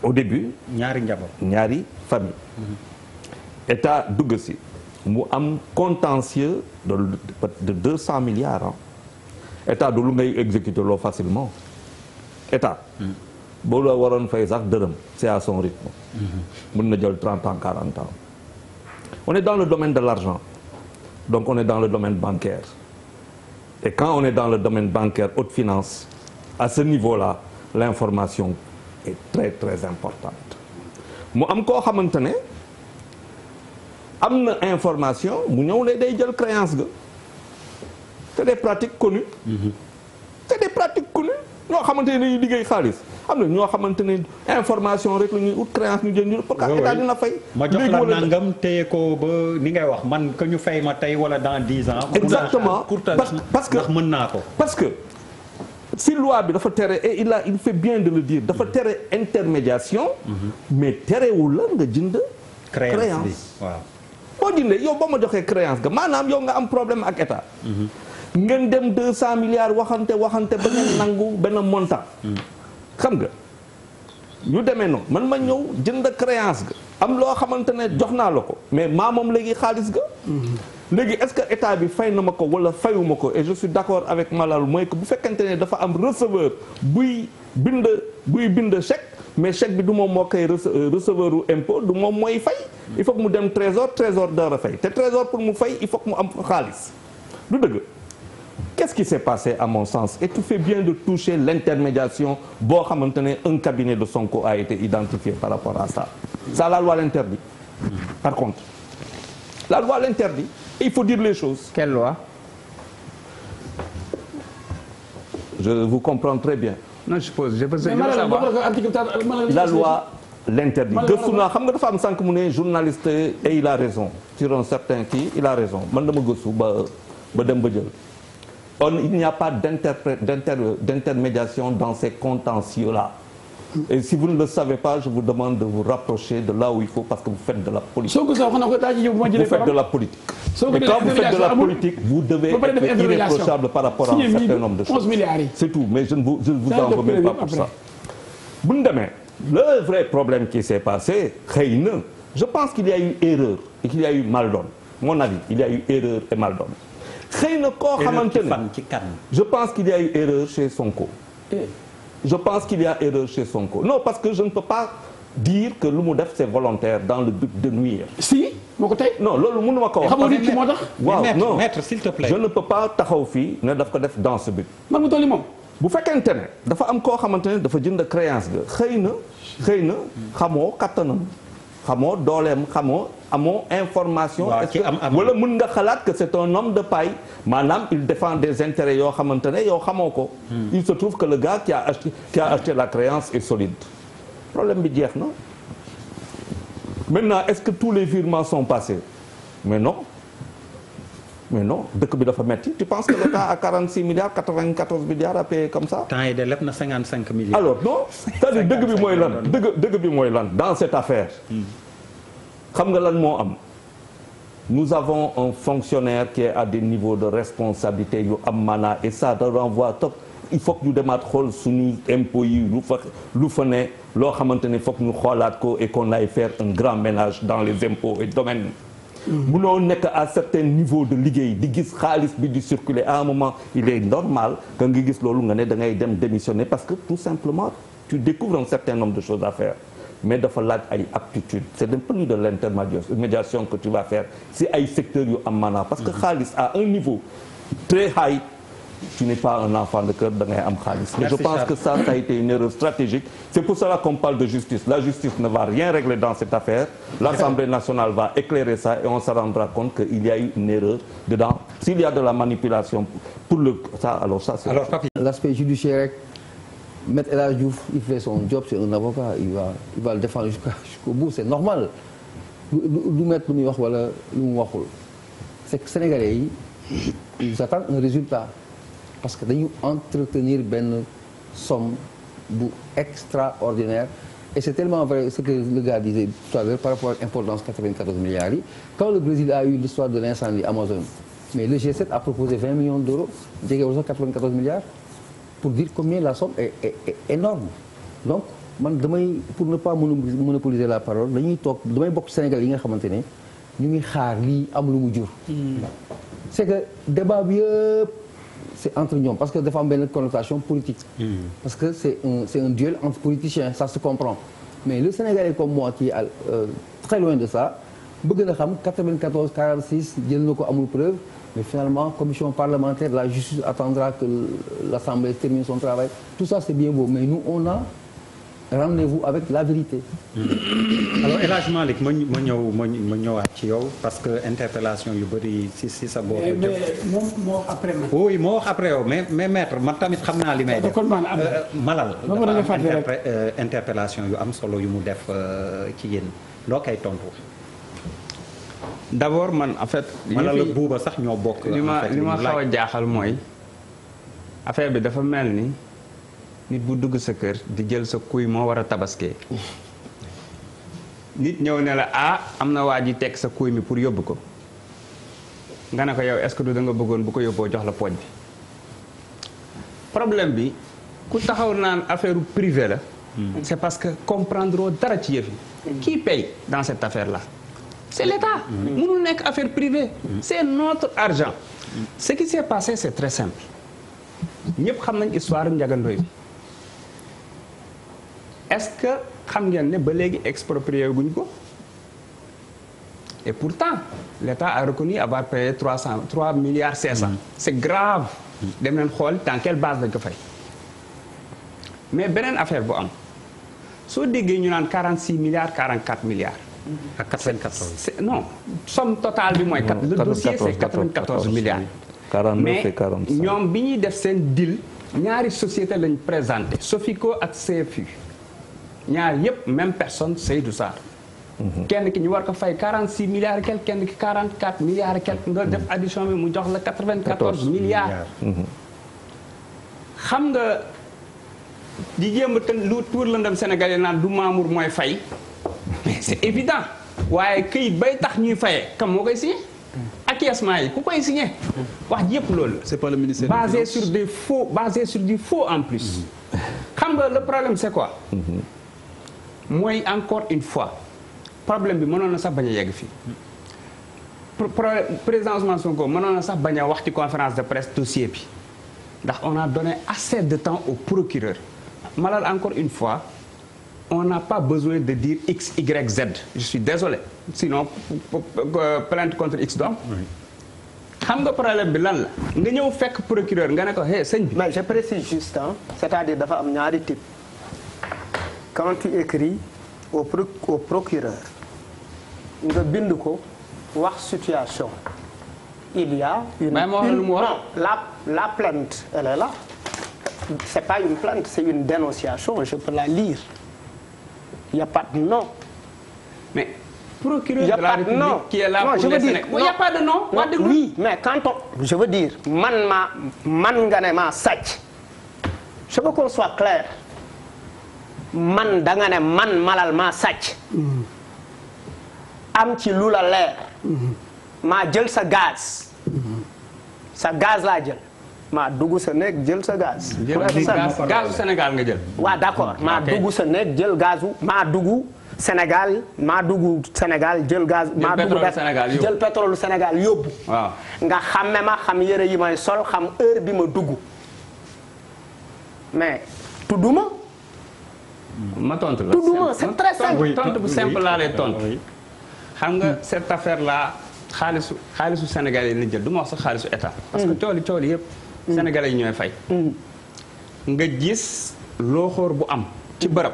au début ñaari njaboot ñaari famille mm-hmm. état du si mu am contentieux de de deux cent milliards ah état du lu ngay exécuter loo facilement état. Mm-hmm. boo la waroon fay sax dërëm c'est à son rythme. mën mm-hmm. na jël trente ans quarante ans. on est dans le domaine de l'argent donc on est dans le domaine bancaire et quand on est dans le domaine bancaire haute finance à ce niveau-là l'information est très très importante mu am koo xamante ne. am na information mu ñëw ne day jël créance ga c'est des pratiques connues c'est mm-hmm. des pratiques connues ñoo xamante ne dañuy liggéey xaalis am na ñoo xamante ne information rek la ñuy ut créance ñu jël ñu. pour que état dina fay. ma jox la nangam téye ko ba ni ngay wax man que ñu fay ma tey wala dans dix ans. exactement parce que mën naa ko. parce que si loi bi dafa tere et il a fait bien de le dire dafa mm-hmm. tere intermédiation. Mm-hmm. mais terewul la nga jënd. créance bi boo jëndee yow boo ma joxee créance ga maanaam yow nga am problème ak état. ngeen dem 200 milliards waxante waxante ba ngeen nangu benn montant. xam nga yu demee noonu man ma ñëw jënd créance ga am loo xamante ne jox naa la ko mais maa moom léegi xaalis ga. léegi est-ce que état bi fay na ma ko wala fayuma ko et je suis d'accord avec Malal mooy que bu fekkente ne dafa am receveur buy bind buy bind chèque. mais chèque bi du moom moo koy euh, receveur u impôt du moom mooy fay il faut que mu dem trésor trésor dara fay te trésor pour mu fay il faut que mu am du dëgg qu'est-ce qui s'est passé à mon sens et tu fais bien de toucher l'intermédiation boo xamante ne un cabinet de Sonko a été identifié par rapport à ça ça la loi l'interdit par contre la loi l'interdit et il faut dire les choses quelle loi je vous comprends très bien non je suppose je pense que la loi l'interdit gëstu naa xam nga dafa am sànq mu ne journaliste et il a raison sur un certain kii il a raison man dama gëstu ba ba dem ba jël on il n'y a pas d'interpré d'inter d'intermédiation dans ces contentieux là Et si vous ne le savez pas, je vous demande de vous rapprocher de là où il faut parce que vous faites de la politique. Vous faites de la politique. vous de la politique, vous devez être irréprochable par rapport à un certain nombre de choses. C'est tout, mais je ne vous, en remets pas pour ça. na je pense qu'il y mon avis il y a eu erreur et mal donné je pense qu'il y a eu erreur chez Sonko je pense qu'il y a erreur chez Sonko non parce que je ne peux pas dire que lu mu def c'est volontaire dans le but de nuire. si moo ko tey. non loolu mënu ma ko wax. xamoo nit ki moo tax. waaw non maître s'il te plaît. je ne peux pas taxaw fii ne daf ko def dans ce but. man mu moom. bu fekkente ne dafa am koo xamante ne dafa jënd créance ga xëy na xëy na xamoo kattanam xamoo dooleem xamoo. amoo information. wala mën nga xalaat que c'est un de paille maanaam il des intérêts yoo xamante ne yow xamoo ko. Hmm. il se trouve que le la créance est solide bi jeex na. maintenant est-ce que tous les virements sont passés mais non bi dafa metti tu penses que l'État a 46 comme ça. temps na 55 milliards. alors non c'est-à-dire bi mooy lan dëgg dëgg bi mooy xam nga lan moo am nous avons un fonctionnaire qui est à des niveaux de responsabilité yu am maanaa et ça da renvoie toog il faut que ñu demaat xool suñu impôts yi lu fa lu fa ne loo xamante ne foog ñu xoolaat ko et qu'on aille faire un grand ménage dans les impôts et domaines mënoo mm. nekk à certain niveau de liggéey di gis xaalis bi di circuler à un moment il est normal que nga gis loolu nga ne da ngay dem démissionner parce que tout simplement tu découvres un certain nombre mais dafa laaj ay aptitude c' est de l'intermédiation que tu vas faire si ay secteurs yu am maanaam parce que mm-hmm. xaalis à un niveau très high tu n'es pas un enfant de cœur da ngay am xaalis mais je pense que ça a été une erreur stratégique c'est pour cela qu'on parle de justice la justice ne va rien régler dans cette affaire l'Assemblée nationale va éclairer ça et on se rendra compte qu'il y a eu une erreur dedans s'il y a de la manipulation pour le ça alors Maître El Hadji Diouf il fait son job c'est un avocat il va le défendre jusqu'au bout c'est normal lu mettre lu muy wax wala lu mu waxul c'est que sénégalais yi ils attendent un résultat parce que dañu entretenir benn somme bu extraordinaire et c'est tellement vrai ce que le gars disait par rapport à l'importance milliards yi quand le Brésil a eu l'histoire de l'incendie Amazon mais le G7 a proposé 20 millions d'euros jegewul sax 94 pour dire combien la somme est, est, est énorme donc man damay pour ne pas monopoliser la parole dañuy toog damay bokk Sénégal yi nga xamante ne ñu ngi xaar lii am lu mu jur. Hmm. c'est que débat bi yëpp c'est entre ñoom parce que dafa am benn connotation politique. Hmm. parce que c'est un c'est un duel entre politiciens ça se comprend mais le Sénégalais comme moi qui euh, très loin de ça bëgg na xam 94 46 jël na ko amul preuve. mais finalement commission la justice attendra que l'Assemblée termine son travail tout ça c'est bien beau mais nous on a rendez avec la vérité <coughs> alors El ma ma ñëw ma ma ñëwaat ci yow parce que interpellation yu bëri si si sa bopp eh, mais moom après ma oui moo après yow mais mais maître man tamit xam naa li may def euh, euh, malal dafa am euh, interpellation yu am solo yu mu def ci yéen loo koy tontu d' abord man en fait. li ma la buuba sax ñoo bokk. li ma li ma xaw a jaaxal mooy affaire bi dafa mel ni nit bu dugg sa kër di jël sa kuy moo war a tabaskee nit ñëw ne la ah am na waa ji teg sa kuy mi pour yóbbu ko nga ne ko yow est ce que du da nga bëggoon bu ko yóbboo jox la pooj bi problème bi ku taxaw naan affaire privée la. Hmm. c' parce que comprendre dara ci yëf yi. Hmm. qui paye dans cette affaire là. c'est l'État mënul mhm. nekk affaire privée mhm. c'est notre argent ce qui s'est passé c'est très simple ñëpp xam nañ histoire Ndiaga bi est-ce que xam ngeen ne ba léegi exproprié guñ ko et pourtant l'État a reconnu avoir payé trois cent trois milliards cinq cent mhm. c'est grave dem leen xool dans quelle base lañ ko fay mais beneen affaire bu am soo déggee ñu naan 46 milliards 44 milliards ak 94 non somme totale bi mooy. 94 le dossier c'est 94 milliards. mais ñoom bi ñuy def seen deal. ñaari société lañ présenté. Sofico ak CFU ñaar yëpp même personne Seydou Sarr. Mhm. kenn ki ñu war ko fay 46 milliards et quelque kenn ki 44 milliards et quelque nga mhm. def addition bi mu jox la 94 milliards. xam nga di jéem a tën lu tuur la ndam Sénégal yi naan du Mamour mooy fay. c'est évident waaye këyit bay tax ñuy fayee kam moo koy signé acquiescement yi ku koy signé wax ji yëpp loolu c'est pas le ministère basé sur des faux basé sur du faux en plus xam nga le problème c'est quoi mooy encore une fois problème bi mënoon na sax bañ a yegg fii président Ousmane Sonko mënoon na sax bañ a wax ci conférence de presse dossier bi ndax on a donné assez de temps au procureur malal encore une fois on n'a pas besoin de dire X, Y, Z. Je suis désolé. Sinon, euh, plainte contre X donc. xam nga problème bi lan la. nga ñëw fekk procureur nga ne ko hé sëñ bi. mais je précise juste hein, c'est-à-dire dafa am ñaari type quand tu écris au pro au procureur nga bind ko wax situation il y une une la la plainte elle est là c'est pas une c'est une dénonciation je peux la lire. y a pas de nom. la dire a pas de nom. waa déglu man maa man nga ne ma sàcc je veux qu'on soit clair man da nga ne man malal maa sàcc. am ci lu la leer. Mhm. maa jël sa gaz. Mhm. sa gaz laa jël. maa dugg sa nekk jël sa gaz. gazu Sénégal nga jël. waaw d'accord ma dugg sa nekk jël gazu maa dugg. Sénégal maa dugg Sénégal jël gaz. maa dugg def jël pétrole Sénégal yóbbu. waaw nga xàmme ma xam yére yi may sol xam heure bi ma dugg mais tudduma. ma tontu la tudduma c'est très simple. tontu bu simple laa lay tontu. xam nga cette affaire là xaalisu xaalisu Sénégal yi ni jël du ma wax sax xaalisu état. parce que tool mm. yi tool Mm. Sénégalais yi ñooy fay. Mm. nga gis loo looxoor bu am ci mm. bërëb.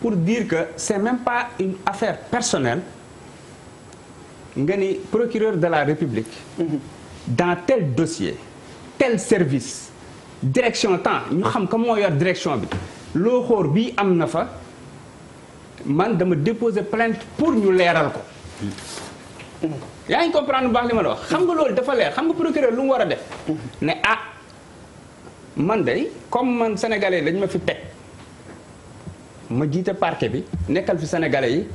pour dire que c'est même pas une affaire personnelle nga ni procureur de la République. Mm-hmm. dans tel dossier tel service direction temps ñu xam ko moo yor direction bi loo looxoor bii am na fa man dama déposer plainte pour ñu leeral ko. yaa ngi comprendre bu baax li ma la wax xam nga loolu dafa leer xam nga procureur lu mu war a def ne ah man day comme man sénégalais dañ ma fi teg ma jiite parquet bi nekkal fi sénégalais yi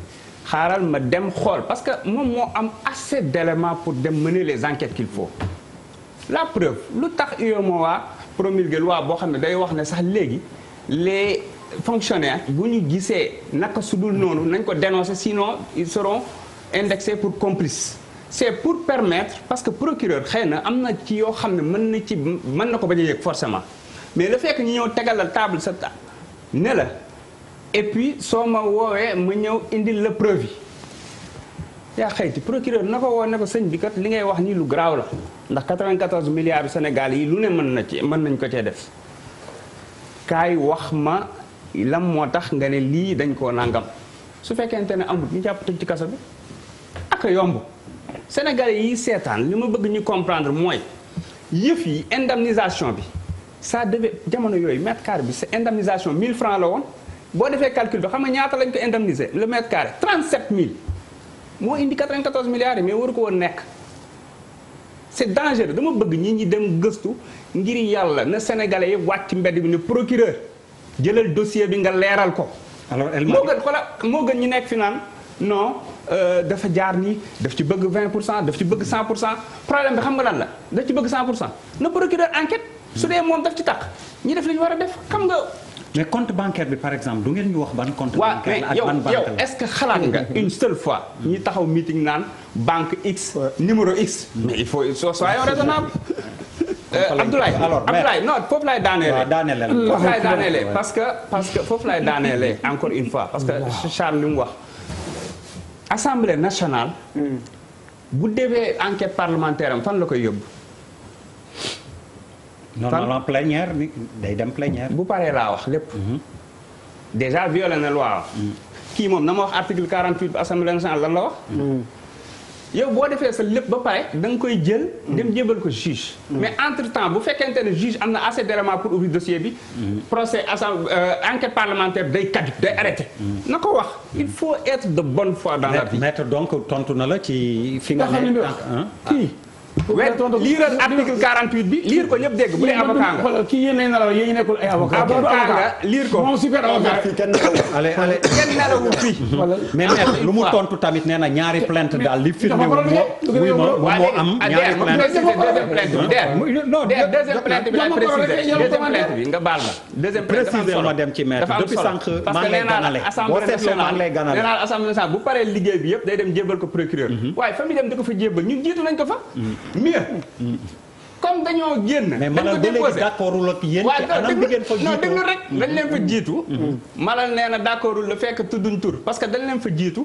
xaaral ma dem xool parce que moom moo am assez d'éléments pour dem mener les enquêtes qu'il faut la preuve lu tax UEMOA promulgué loi boo xam ne day wax ne sax léegi les fonctionnaires bu ñu gisee naka su dul noonu nañ ko dénoncer sinon ils seront indexés pour complices c'est pour permettre parce que procureur xëy na am na ci yoo xam ne mën na ci mën na ko bañ a yëg forcément mais la fekk ñu ñëw tegalal table sa ta ne la et puis soo ma woowee ma ñëw indil la preuve yi yaa xëyti procureur na ko woo ne ko sëñ bi kat li ngay wax nii lu graaw la ndax 94 milliards yu Sénégal yi lu ne mën na ci mën nañ ko cee def kaay wax ma lam moo tax nga ne lii dañ koo nangam su fekkente ne amul ñu jàpp tëj ci kaso bi ak yomb Sénégalais yi seetaan li ma bëgg ñu comprendre mooy yëf yi indemnisation bi ça deve jamono yooyu mètre carré bi c'est indemnisation 1000 francs la woon boo defee calcul bi xam nga ñaata lañ ko indemniser le mètre carré 37000 moo indi 94 milliards yi mais waru ko woon nekk. c'est dangereux dama bëgg ñi ñi dem gëstu ngir yàlla na sénégalais yëpp wàcc mbedd bi ne procureur jëlal dossier bi nga leeral ko. alors moo gën xoolal moo gën ñu nekk fi naan non. Euh, dafa jaar nii daf ci bëgg 20 pour cent daf ci bëgg 100 pour cent problème bi xam nga lan la daf ci bëgg 100 pour cent na procureur enquête su dee moom daf ci tax ñi def li ñu war a def xam nga. mais compte bancaire bi par exemple du ngeen ñu wax ban compte bancaire ak ban banque yow est ce que xalaat nga <laughs> une seule fois ñi taxaw meeting naan banque X numéro X mais il faut soyons raisonnable <laughs> euh, Abdoulaye Abdoulaye non foofu laay daaneele foofu laay <laughs> daaneele parce que parce que foofu laay daaneele encore une fois parce que Charles li mu wax assemblée nationale. Hmm. bu defee enquête parlementaire am fan la koy yóbbu. non la plénière bi day dem plénière. bu paree laa wax lépp. Hmm. déjà violé na loi. Hmm. kii moom na ma wax article 48 bu assemblée nationale lan la wax. yow boo defee sa lépp ba pare da nga koy jël dem mm. jébal ko juge mm. mais entre temps bu fekkente ne juge am na assez d'éléments pour ouvrir dossier bi mm. procès assemblée euh, enquête parlementaire day kaddu day arrêté na ko wax il faut être de bonne fois dans la vie maître donc tontu na la ci fi nga ne kii wet liiral article 48 bi liir ko ñëpp dégg bu dee avocat liir ko kenn nelawu fii <laughs> mais maître lu mu tontu tamit nee ñaari plainte daal li firnde wu moo moo am nga baal ma deuxième plainte préciser ma dem ci maître depuis sànq maa ngi lay ganale boo seetee bu paree liggéey bi yëpp day dem jébal ko procureur mhm. waaye fa dem di ko fa jébal ñun jiitu nañ ko fa mieux. comme dañoo génn. dañ ko déposé mais Malal ba léegi d' ak yéen. te anam bi ngeen fa jiitu non mm-hmm. mm-hmm. nee na d' accordul la fekk tudduñ tur parce que dañ leen fa jiitu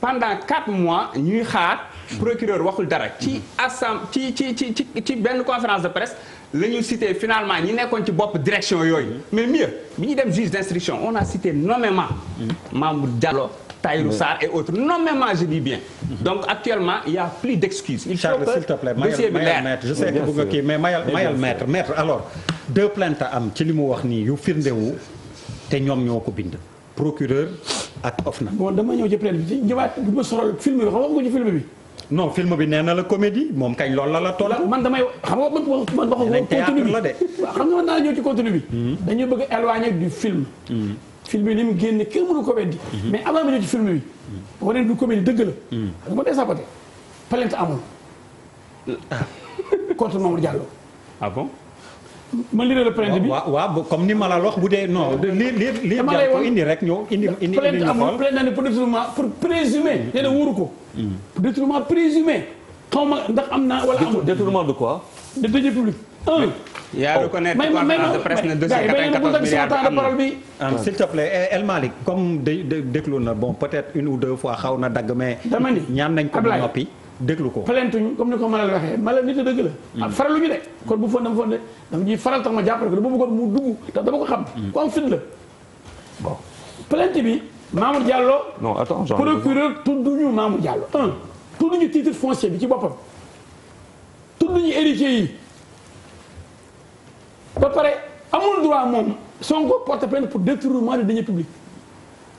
pendant quatre mois ñuy xaar. procureur waxul dara ci mm-hmm. assam ci ci ci ci ci benn conférence de presse la ñu cité finalement ñi nekkoon ci bopp direction yooyu mais mieux bi ñu dem juge d' instruction on a cité nommément Mamour Diallo. Tahirou Sarr et autres nommément je dis bien. donc actuellement il y a plus d'excuses. il faut que s'il te plaît mayal mayal maître je sais que bëgg nga kii mais mayal mayal maître maître alors deux plaintes am ci li mu wax nii yu firndewu te ñoom ñoo ko bind. procureur ak OFNA. bon dama ñëw ci plainte bi ñëwaat bu ma soral film bi xam nga ko ci film bi. non film bi nee na la comédie moom kañ loolu la la toll. man damay xam nga man wax man wax. contenu bi la de. xam nga man naa ñëw ci contenu bi. Hmm. dañuy bëgg éloigner du film. Hmm. film bi li mu génne kenn mënu ko weddi mhm. mais avant bi ñëw ci film bi wane mhm. du comédie dëgg la mhm. xam nga dee saboté plainte amul <laughs> contre Mamadou Diallo ah bon ma la plainte bi waaw waaw comme ni ma la wax bu dee non lii lii lii ko indi rek ñëw indi indi plainte amul plainte naa pour détournement pour présumé nee na ko détournement présumé xaw ma ndax am naa wala amul détournement de quoi de deniers publics un. Oh. yaa reconnaître conférence de presse ne 294 milliards am na bi. Um, s'il te plaît eh, El Malick comme de déglu na bon peut-être une ou deux fois xaw na dagg mais. dama ni ñaan nañ ko ba noppi déglu ko. plaintuñu comme ni ko Malal waxee Malal nit a dëgg la. Mm. ak ah, faraluñu de. kon bu foon dama foon de dama ñuy faral tax ma jàppale ko dama bëggoon mu dugg tax dama ko xam. Mm. ku am fit la bon. plainte bi Mamour Diallo. non attends procureur tudduñu Mamour Diallo. un tudduñu titre foncier bi ci boppam tudduñu héritier yi. ba pare amul droit moom Sonko porte plainte pour détournement de deniers publics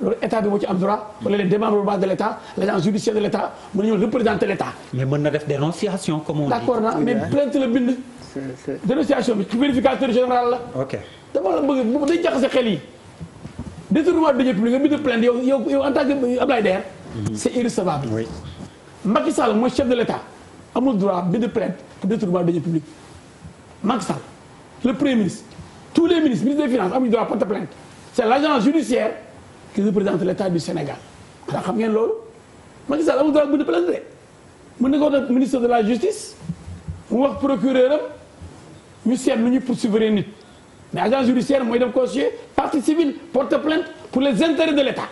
loolu état bi moo ci am droit wala les démembrements de l' état l' agence de l' état mën nañoo représenter l' état. mais mën na def dénonciation dénonciation bi ci vérificateur général la. ok la bëgg bu yi détournement de deniers publics nga bind plainte yow yow yow en tant que Ablaye Der. Mhm. c' est irrecevable. oui Macky Sall mooy chef de l' état amul droit bind plainte pour détournement de deniers publics Macky le premier ministre tous les ministres ministre des finances amuñu droit porte plainte c' est l' agence judiciaire qui représente l' état du Sénégal xanaa xam ngeen loolu Macky Sall amul droit bu plainte de mën na ko def ministre de la justice mu wax procureur am ñu seet lu ñu poursuivre nit mais agence judiciaire mooy def constitué partie civile porte plainte pour les intérêts de l' état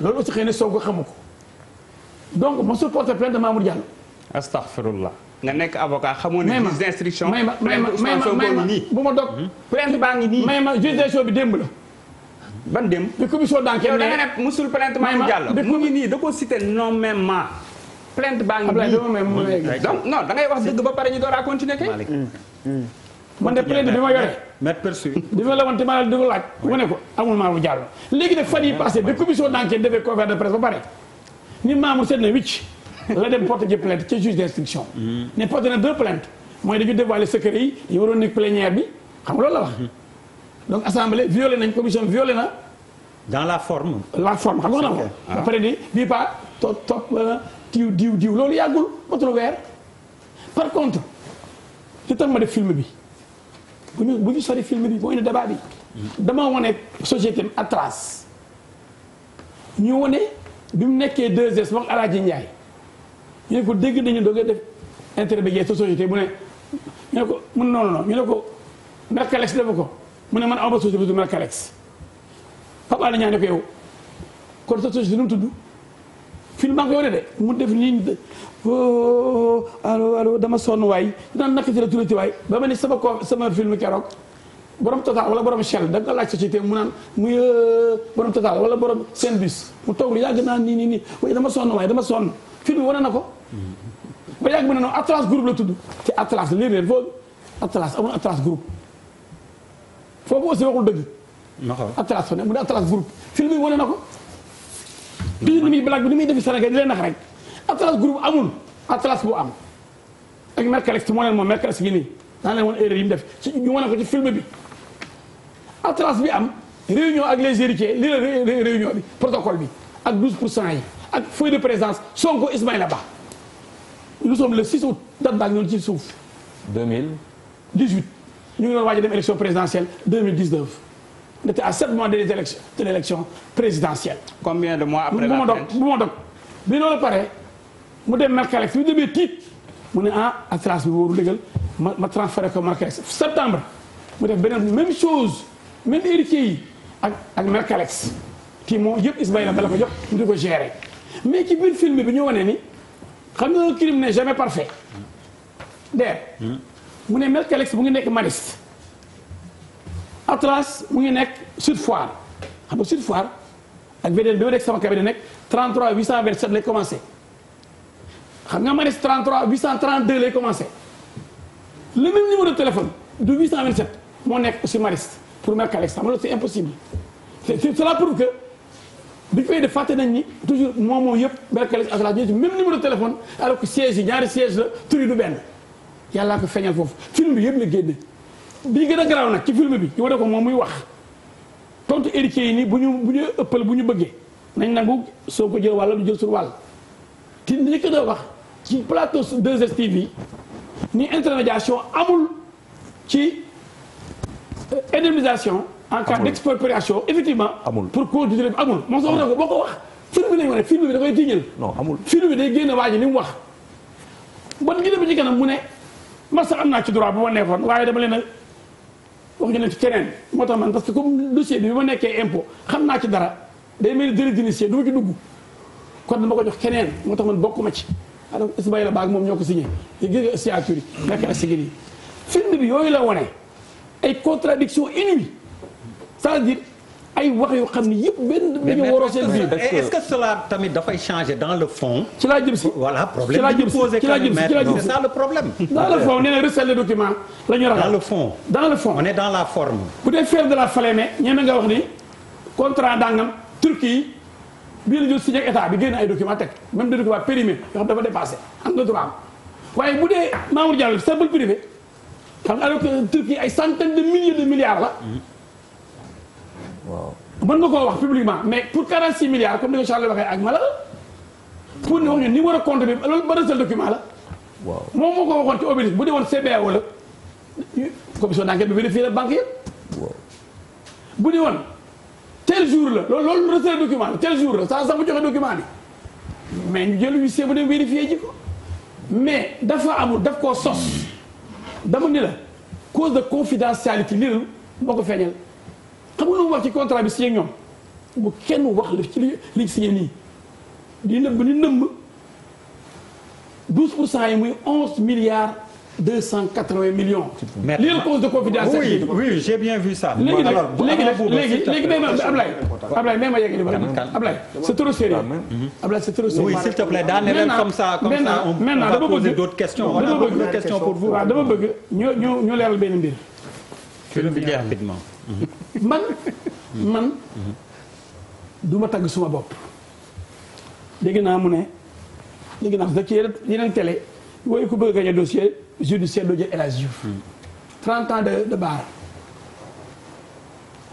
loolu aussi xëy na soo ko xamu ko donc mosul porte plainte Mamour Diallo astaghfirullah nga nekk avocat xamoo ne. juge d'instruction may ma may ma may ma bu ma dog. Hmm? plainte baa ngi nii may ma juge d'instruction bi démb la. ban nga wax ba pare ñu door a continuer kay. Hmm, hmm. man de plainte bi ma yore. ma la léegi nag fan yii passé bi commission d'enquête defee conférence de presse seet na wicc la dem porte ji plainte ca juge d' instruction. ne mm-hmm. porte na deux plaintes mooy dañu dévoiler secret yi yi waroon nekk plénière bi xam nga loolu la wax. Mm-hmm. donc assemblée violé nañ commission violé na. dans la forme. la forme xam nga wax na ko. ba pare ni bii pas topp topp euh, diw diw diw loolu yàggul matul weer. par contre li tax ma def film bi bu ñu bu ñu sori film bi mooy ne débat bi. Mm-hmm. dama wane société atras ñu wane bi mu nekkee 2S wax Alaaji Njaay ñu ko dégg nañu doo def intermédiaire sa société mu ne ñu ne ko mun noonu non ñu ne ko Mercalex defu ko mu ne man aw ma société bu tudd Mercalex Pape Alé Niang ne ko yow kon sa société nu mu tudd fii maa ngi de mu def nii oh, allo allo dama sonn waay dinaa nakk si la turati waay ba ma sama ko sama film keroog borom total wala borom Shell da nga laaj société mu naan muy euh, borom total wala borom Senbus mu toog lu yàgg naa nii nii nii waaye dama sonn waay dama sonn film wone na ko. ba yàgg mu ne noonu Atlas groupe la tudd ci Atlas lii leen foofu Atlas amul Atlas groupe foofu aussi waxul dëgg. Atlas fa ne mu ne Atlas groupe film yi wane na ko. toujours ni muy blague bi ni muy defi Sénégal di leen nax rek Atlas groupe amul Atlas bu am ak Mercalex moo leen moom Mercalex gi nii daan leen woon erreur yi mu def ci ñu wane ko ci film bi Atlas bi am réunion ak les héritiers lii la réunion bi protocole bi ak 12 pour cent yi ak feuille de présence Sonko Ismaïla Ba. lu sommes le 6 août date baa ngi noonu ci suuf. 2018 ñu ngi doon waaj a dem élection présidentielle 2019 on était à 7 mois des élections de l' élection présidentielle. combien de mois après la bu ma dog bu ma dog bi loolu pare mu dem Mercalex bi demee tiit mu ne ah atlas bi wóoru dëggal ma ma transféré ko Mercalex septembre mu def beneen même chose même héritier yi ak ak Mercalex kii moo yëpp Ismaïla Ba la ko jox mu di ko gérer mais ci biir film bi ñu wane ni. xam nga crime n'est jamais parfait der mu ne Mercalex mu ngi nekk Maristes Atlas mu ngi nekk Sud Foire xam nga Sud Foire ak VDN bi ma nekk sama cabinet nekk vingt 827 lay commencé xam nga Maristes 33 832 lay commencé le même numéro de téléphone du 827 moo nekk aussi Maristes pour Mercalex xam nga loolu c'est impossible c'est cela prouve que du ñu fay fàtte nañ ni toujours moom moom yëpp Mercalès ak Lac ñoo ci même numéro téléphone alors que siège yi ñaari siège la tur yi du benn yàllaa ko feeñal foofu film bi yëpp la génne bi gën a garaaw nag ci film bi ñu wane ko moom muy wax tontu héritier yi nii bu ñu bu ñu ëppal bu ñu bëggee nañ nangu soo ko jël wàll du jël sur wàll te li ko doon wax ci plateau 2STV ni intermédiation amul ci euh, indemnisation en cas d'expropriation effectivement. amul pour continuer amul. moom sax na a boo ko wax. film bi lañ wane film bi da koy tiñal. wax. bon ñu dem kanam mu ne man sax am naa ci droit bu ma nekkoon waaye dama a wax ñu ci keneen moo tax man parce que comme dossier bi bi ma nekkee impôt xam naa ci dara day mel ni délit d'initié du ma ci dugg kon dama ko jox keneen moo tax man ma ci. a Ismaïla Ba moom ñoo ko signé gis nga si yi nekk ak sigil bi yooyu la wane ay contradiction inouïe c'est-à-dire ay wax yoo xam ne yëpp benn dañu waroo seen biir. est-ce que cela tamit dafay changer dans le fond. ci laa jëm si voilà problème bi ñu posé. ci laa jëm si ci laa jëm si c'est ça le problème. dans le fond nee na recel le document la ñu ragal. dans le fond dans le fond. on est dans la forme. bu dee faire de la Falémé ñeme nga wax ni contrat dangam Turquie yi bii la ñu signé ak état bi génn ay document teg même des documents périmés yoo xam dafa dépassé am nga droit am waaye bu dee Mamour Diallo cercle privé xam nga alors que Turquie ay centaines de milliers de milliards la. mën nga koo wax publiquement mais pour 46 milliards comme ni ko Charles waxee ak mala la. pour ñu wax ñu ni war a compte bi loolu bëri seen document la. moom moo ko waxoon ci obélisque bu dee woon CBA wala commission d'enquête bi vérifié la banque yëpp. waaw bu dee woon tel jour la loolu loolu recel document la tel jour la saa sax mu joxe document bi mais ñu jël huissier bu dem vérifié ji ko mais dafa amul daf koo sos dama ni la cause de confidentialité lii moo ko feeñal. xam nga wax ci contrat bi signé ñoom bu kenn wax li ci li li signé nii di nëbb di nëmb 12 pour cent yi muy 11 milliards 280 millions. mais lii la cause de confidentialité. oui j'ai bien vu ça. léegi nag léegi nag léegi léegi nee naa Ablaye. Ablaye nee ma yeggali ba Ablaye c'est trop sérieux. Ablaye c'est trop sérieux. oui s'il te plaît daanaka leen comme ça comme ça on va poser d'autres questions. dama bëgg dama question pour vous. waaw dama bëgg ñu ñu ñu leeral man man du ma tagg suma bopp dégg naa mu ne dégg naa ci yeneen télé wooyu ku bëgg gagné dossier judiciaire dossier El Hadji Diouf hmm. ans de de barre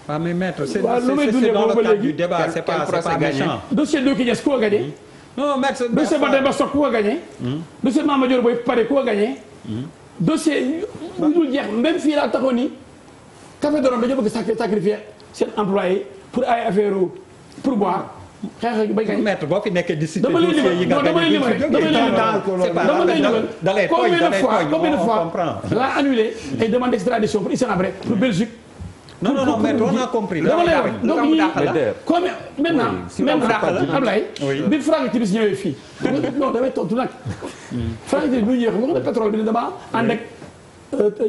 waaw ah, mais maître c'est dans le cadre du débat c'est pas ku ko gagné hmm. non maître dossier Bada Bassok ku ko gagné hmm. dossier Mama Dior Boye pare ku ko gagné dossier lu dul jeex même fii laa taxoon nii café de Rome dañoo bëgg sacrifier seen employé pour ay affaire pour boire xeex bañ ko maître boo fi nekkee di cité dossier yi nga dama lay limal dama lay fois combien fois laa annulé demande d'extradition pour Hissène Habré pour Belgique non non non maintenant maintenant Ablaye bi Franck Timis ñëwee fii non damay tontu nag hmm. Franck Timis bu ñëwee xam nga pétrole bi ne dama ànd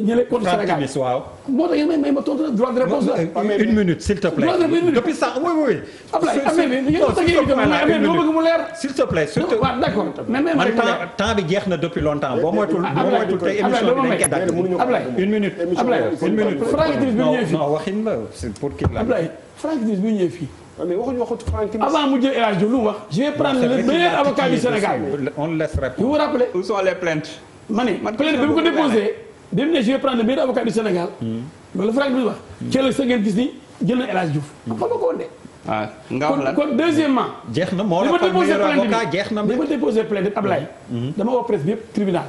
ñu lay contre Sénégal waaw. moo tax yéen may may ma tontu droit de réponse la. une minute s'il te plaît. depuis ça oui oui. Ablaye Amady ñu bëgg mu leer. s'il te plaît surtout. waaw d'accord mais mais man temps bi jeex na depuis longtemps boo moytul boo moytul tey émission bi dañ koy Ablaye une minute Ablaye une minute. Franck Timis bi ñu ñëwee fii non waxin la c'est pour kii la. Ablaye Franck Timis bi ñu ñëwee fii. mais waxuñu waxut Franck Timis. avant mu jël El Hadj lu mu wax. je vais prendre le meilleur avocat du Sénégal. on laisse répondre. vous vous rappelez. où sont les plaintes. ma ne plainte bi mu ko déposé. bi mu ne je vais prendre le meilleur avocat du Sénégal. Hmm. loolu Franck bi wax. ci la sa jël na El Hadj Diouf. Hmm. xam nga ko de. ah kon kon deuxièmement. jeex na moo la fal na bi ma déposé plainte bi hmm. dama woo presse bi yëpp tribunal.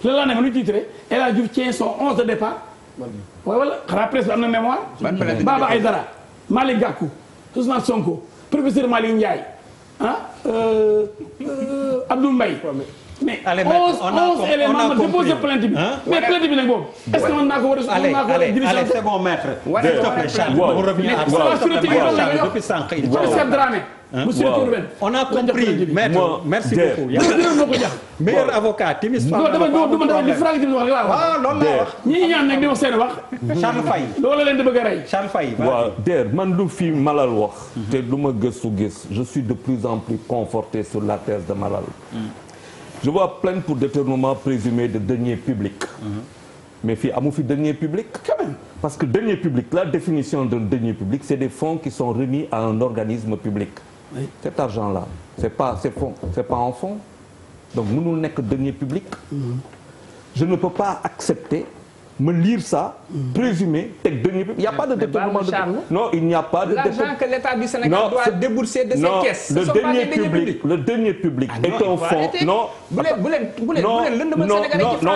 ci la laa nekk lu ñu titré El Hadj Diouf tient son onze de départ. waaye wala xanaa presse bi am na mémoire. ban plainte Baba Aïdara Malick Gakou Sonko professeur Malick Ndiaye ah euh, euh, Abdou Mbaye mais allez onze onze éléments ma déposé plainte bi. mais plainte bi nag boobu. est-ce que mën naa ko war a mën naa ko war a diriger. allez c'est bon maître. wala wala monsieur Touré on a compris maître merci beaucoup. meilleur avocat Timis Fall. dama dama li Fra Timis wax waaw loolu laa wax. ñi ñaan nag di wax seen wax. Mhm. Charles Faye. loolu leen di bëgg a rey. Charles Faye. waaw der man du fi Malal wax. Mhm. te lu ma gëstu gis je suis de plus en plus conforté sur la thèse de Malal. Mhm. je vois plainte pour détournement présumé de deniers publics. Mhm. mais fii amu fi deniers publics. quand même parce que deniers publics la définition d'un denier public c'est des fonds qui sont remis à un organisme public. Oui. cet argent là c'est pas c'est fonds c'est pas en fonds donc mënul nekk denier public. Mhm. je ne peux pas accepter. me lire ça. présumer teg deniers il y a pas de détournement de non il n'y a pas de. l'argent que l'État du Sénégal doit débourser de ses caisses. non le denier public le denier public. est un fonds non. bu leen bu leen bu leen lëndëmal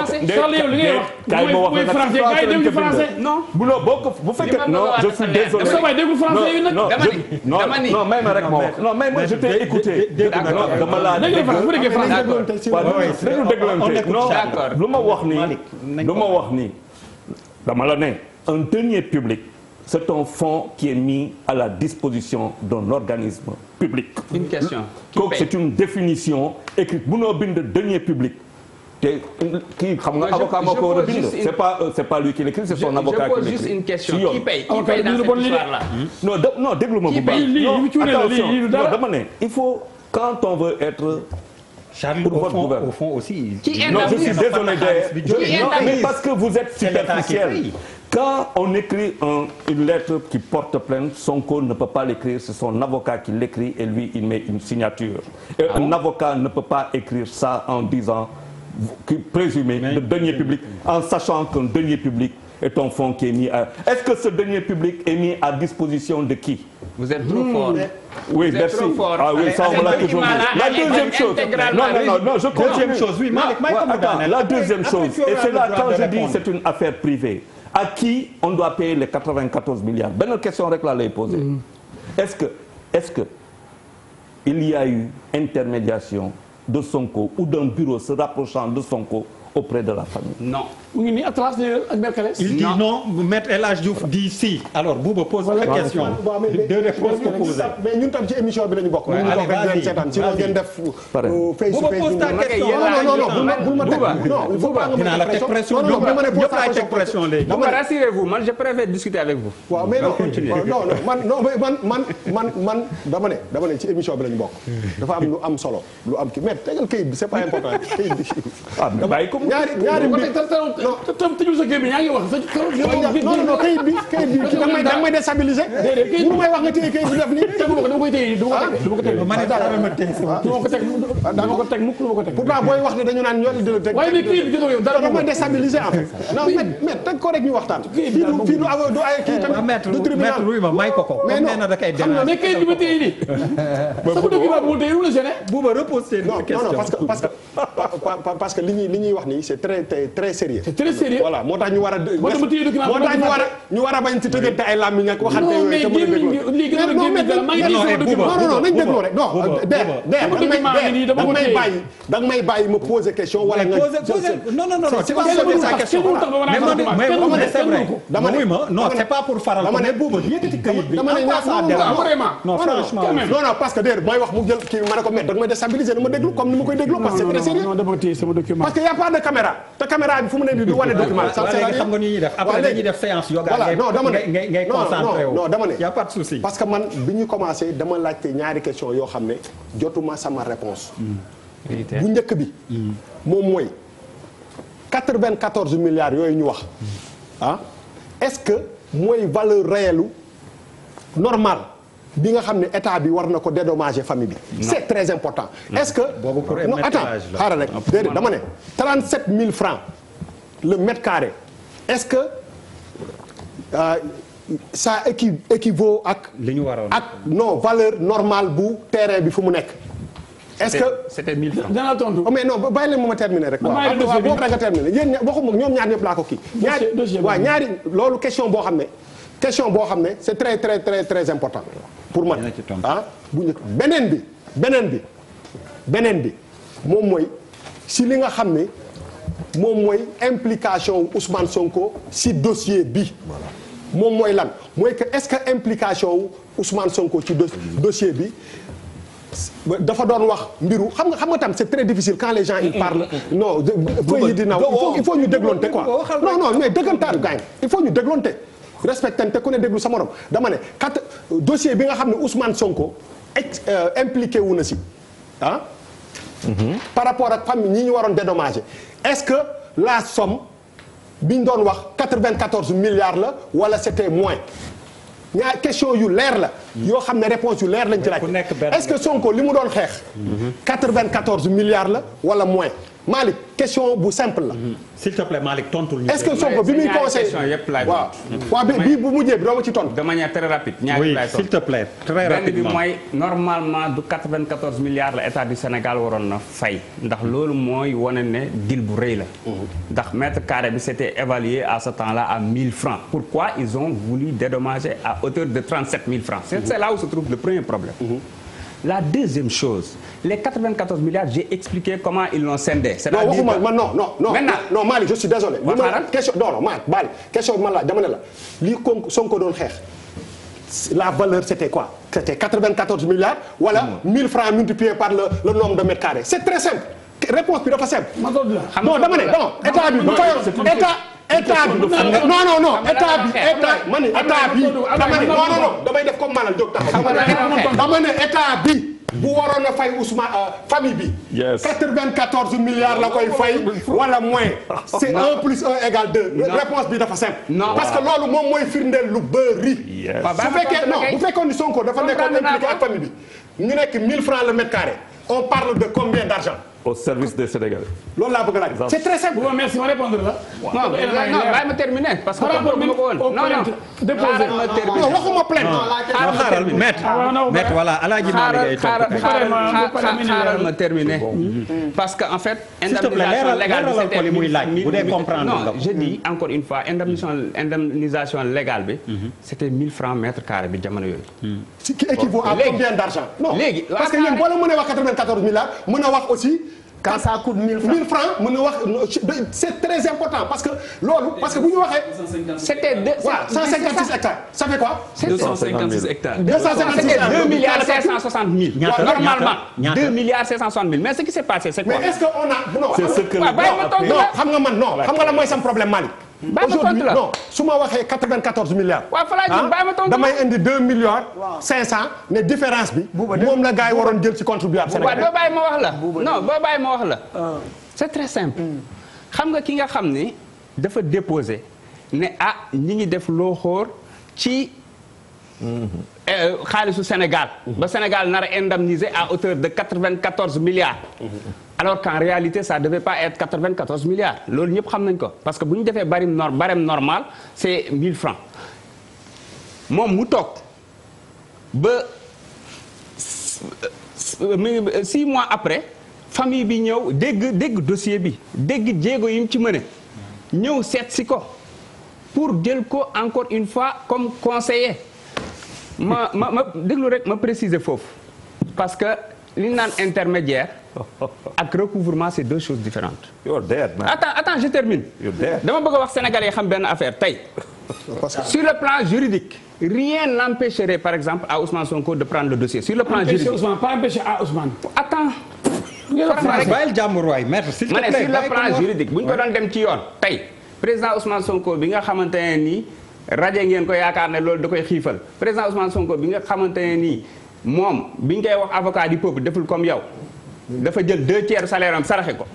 Sénégalais ci français. non bu loo boo ko bu fekkee non je suis désolé. non non may ma rek ma wax non may ma je t'ai écouté. non dama laa déglu d'accord d'accord lu ma wax nii lu ma wax nii. dama la ne un denier public c'est un fonds qui est mis à la disposition d'un organisme public. une question kooku c'est une définition écrite munoo bind denier public. te kii xam nga avocat moo ko war a bind. c'est pas euh, c'est pas lui qui l'écrit c'est son avocat qui l'écrit. je pose juste une question qui paye ah, qui paye dans cette histoire là. non non déglu ma bu baax non attention non dama ne il faut quand on veut être. pour votre gouvernement au fond aussi. non je suis désolé de parce que vous êtes superficiel. Quand on écrit un, une lettre qui porte plainte, Sonko ne peut pas l'écrire, c'est son avocat qui l'écrit et lui il met une signature. Et ah un bon? avocat ne peut pas écrire ça en disant qui présumé le denier public en sachant qu'un denier public est un fonds qui est mis à... disposition de qui hmm. Oui, merci. Ah oui, ça, on l'a toujours dit. La deuxième chose. Non, non, non, la deuxième chose, et c'est là, quand je dis c'est une affaire privée, à qui on doit payer les milliards Bonne question, rek la lay hmm. Est-ce que, est-ce que il y a eu intermédiation de Sonko ou d'un bureau se rapprochant de Sonko auprès de la famille. non mu ngi nii Atlas ak Mercedes. il dit non maître El Hadj Diouf dit si. alors Bouba pose la question. deux réponses proposées. mais ñun tam ci émission bi la ñu bokk. waaw allez vas-y ci loolu ngeen def. pare euh, Bouba pose ta question. non non non bu ma teg non il faut pas nga ma teg pression. non non bu ma ne ñëpp laay teg pression léegi. Bouba rassurez-vous man je préfère discuter avec vous. waaw mais non non non man non mais man man man man dama ne dama ne ci émission bi la ñu bokk. dafa am lu am solo lu am kii mais tegal kayit bi c'est pas important <laughs> ah, kayit bi. ñaari ñaari mbir te tam tëjul sa gémmiñ yaa ngi wax non non kayit bi kayit bi da nga may déstabiliser bu may wax nga téye kayit bi def nii dama koy téye dama ko teg dama ko teg dama ko teg dama ko teg mukk dama ko teg pourtant booy wax ne dañu naan ñoo di la teg waaye ni kayit bi joxo yow dara dama déstabiliser en fait non mais mais teg ko rek ñu waxtaan fii du fii du aw du ay kii tamit du tribunal may ko ko mais non da kay dénal mais kayit bi ma téye nii <laughs> sama <laughs> document bu téye lu la gêné bu ma reposer question non non parce que parce que <laughs> parce que li ñuy li ñuy wax nii c' est très très sérieux. c' est très sérieux voilà moo tax ñu war a. moo tax ñu war a ñu war a bañ ci tëggante ay làmmiñ ak waxante yooyu. te mën a déglu non non nañ déglu rek non. der der danga may bàyyi danga may bàyyi ma poser question wala nga. non non non c' est pas sa question dama ne non c' est pas pour faral. dama ne buuba yëkkati kayit bi. dama ne non franchement non non parce que déedéet may wax mu jël kii ma ne ko mais danga may déstabiliser dama déglu comme ni ma koy déglu parce que c'est très sérieux parce que y a pas de benn caméra te caméra bi fu mu ne nii du wane document. xam nga ni ñuy def après dañuy def séance yoga. voilà non dama ne ngay ngay concentré wu. non dama ne y' a pas de souci. parce que ñu commencé dama laajte ñaari question yoo xam ne jotuma sama réponse bu njëkk bi. Hmm. moom mooy 94 milliards yooyu ñu wax hmm. ah ce que mooy valeur réelle bi nga xam ne état bi war na ko dédommager famille bi. c'est très important. est-ce que non attends xaaral rek déedéet dama ne 37000 francs le mètre carré est-ce que euh, ça équi équivaut ak. li ñu waroon ak non valeur normale bu terrain bi fu mu nekk. est-ce que c'était 1000 francs. danaa tontu oh, mais ma ma rek. boo ko rek a terminer yéen ña ñoom ñaar ñëpp laa ko kii. dossier dossier ñaari loolu question boo xam ne. question boo xam ne c'est très très très très important pour man ah bu njëkk beneen bi beneen bi beneen bi moom mooy si li nga xam ne moom mooy implication wu Ousmane Sonko si dossier bi moom mooy lan mooy que est-ce que implication wu Ousmane Sonko ci dossier bi dafa doon wax mbiru xam nga xam nga tam c'est très difficile quand les gens ils parlent non feuilles yi dina il faut ñu dégloonte quoi non non mais dëggantaan gaañ il faut ñu dégloonte respectante ku ne déglu sa morom dama ne kat euh, dossier bi nga xam ne Ousmane Sonko ex euh, impliqué wu na si ah. Mhm. par rapport ak famille ñi ñu waroon dédommager est-ce que la somme bi ñu doon wax 94 milliards la wala c'était moins. ñaar question yu leer la. Mhm. yoo xam ne réponse yu leer lañ ci laaj. est-ce que Sonko li mu doon xeex. 94 mhm. milliards la wala moins. Malick question bu simple la. Mm-hmm. s'il te plaît Malick tontul ñu. est yëpp laay mm-hmm. bu mujjee bi doo ci tontu. de manière très rapide ñaari laay tontu oui s'il te plaît. très rapidement la état du Sénégal waroon na fay ndax loolu mooy wane ne deal bu rëy la. Mm-hmm. ndax mètre carré bi c'était à ce temps-là à 1000 francs. pourquoi ils ont voulu dédommager à La deuxième chose, les milliards, j'ai expliqué comment ils l'ont scindé. Non, waxuma je suis désolé. waxumala question non non Malick Malick question bi man la dama ne la lii kon Sonko doon xeex. la valeur c'était quoi. c'était 94 milliards. voilà, 1000 francs multipliés par le nombre de mètres c'est très simple réponse bi dafa simple. non dama ne état bi état. état bi non non non état bi état damay def comme malal jóg taxaw dama ne état bi bu waroon a fay Ousmane euh, famille bi. yes 94 milliards la koy fay. wala moins c'est 1 plus 1 réponse bi dafa simple. parce que loolu moom mooy firndeel lu bëri. su fekkee non bu fekkoon ni Sonko dafa nekkoon impliqué ak famille bi. ñu nekk 1000 francs le mètre carré on parle de combien d'argent au service des Sénégalais. loolu laa bëgg a laaj c'est très simple. bon merci ma répondre la. non bàyyi ma terminer parce que par rapport mi ah, non non déposé non waxuma plainte. non xaaral maître maître voilà alaaji maa ngi lay topp xaaral ma terminer. Mm-hmm. parce que en fait. indemnisation légale bi c'était li muy laaj bu dee comprendre non je dis encore une fois indemnisation indemnisation légale bi. Mm-hmm. c'était 1000 francs mètre carré bi jamono yooyu. ce qui équivaut à combien d'argent. non parce que yéen boo la mënee wax 94 milliards ah, mën a wax aussi. quand ça coûte francs 1000 francs wax c'est très important parce que lool parce que bu ñu waxee. c'était deux waaw 156 hectares. ça fait quoi. 256 hectares. 256 hectares 2 milliards 560 mille. ñaata normalement 2 milliards mille mais ce qui s'est passé mais est-ce que on a. non xam nga man non xam nga la mooy sam problème Malick aujourd'hui non su ma waxee 94 milliards. waaw fa laa jëm ah, bàyyi ma tontu damay indi 2 milliards. 500 différence bi. moom la gars yi waroon jël ci contribuable sénégalais. waaw doo bàyyi ma wax la non doo bàyyi ma wax la. Ah. c'est très simple. Hmm. xam nga ki nga xam ni dafa déposé ne ah ñi ngi def loo xóor ci. Hmm. Euh, xaalisu Sénégal. Hmm. ba Sénégal nar a indemniser à hauteur de 94 milliards. alors qu'en réalité ça devait pas être 94 milliards loolu ñëpp xam nañ ko parce que bu ñu defee barème norm barème normal c'est 1000 francs moom mu toog ba six mois après famille bi ñëw dégg dégg dossier bi dégg jéego yi mu ci mëne ñëw seet si ko pour jël ko encore une fois comme conseiller ma ma ma déglu rek ma préciser foofu parce que li ñu naan intermédiaire ak recouvrement c'est deux choses différentes. you're dead man. attends attends je termine. dama bëgg a wax sénégalais yi xam benn affaire tey. sur le plan juridique. rien n'empêcherait par exemple à Ousmane Sonko de prendre le dossier sur le plan juridique. pas empêcher à Ousmane. attends. bàyyil jàmbur waay maître s'il te plaît ma ne sur le plan juridique bu ñu dem ci yoon tey président Ousmane Sonko bi nga xamante ne nii rajo ngeen ko yaakaar ne loolu da koy xiifal président Ousmane moom bi ngay wax avocat du peuple deful comme yow dafa jël deux tiers salaire saraxe ko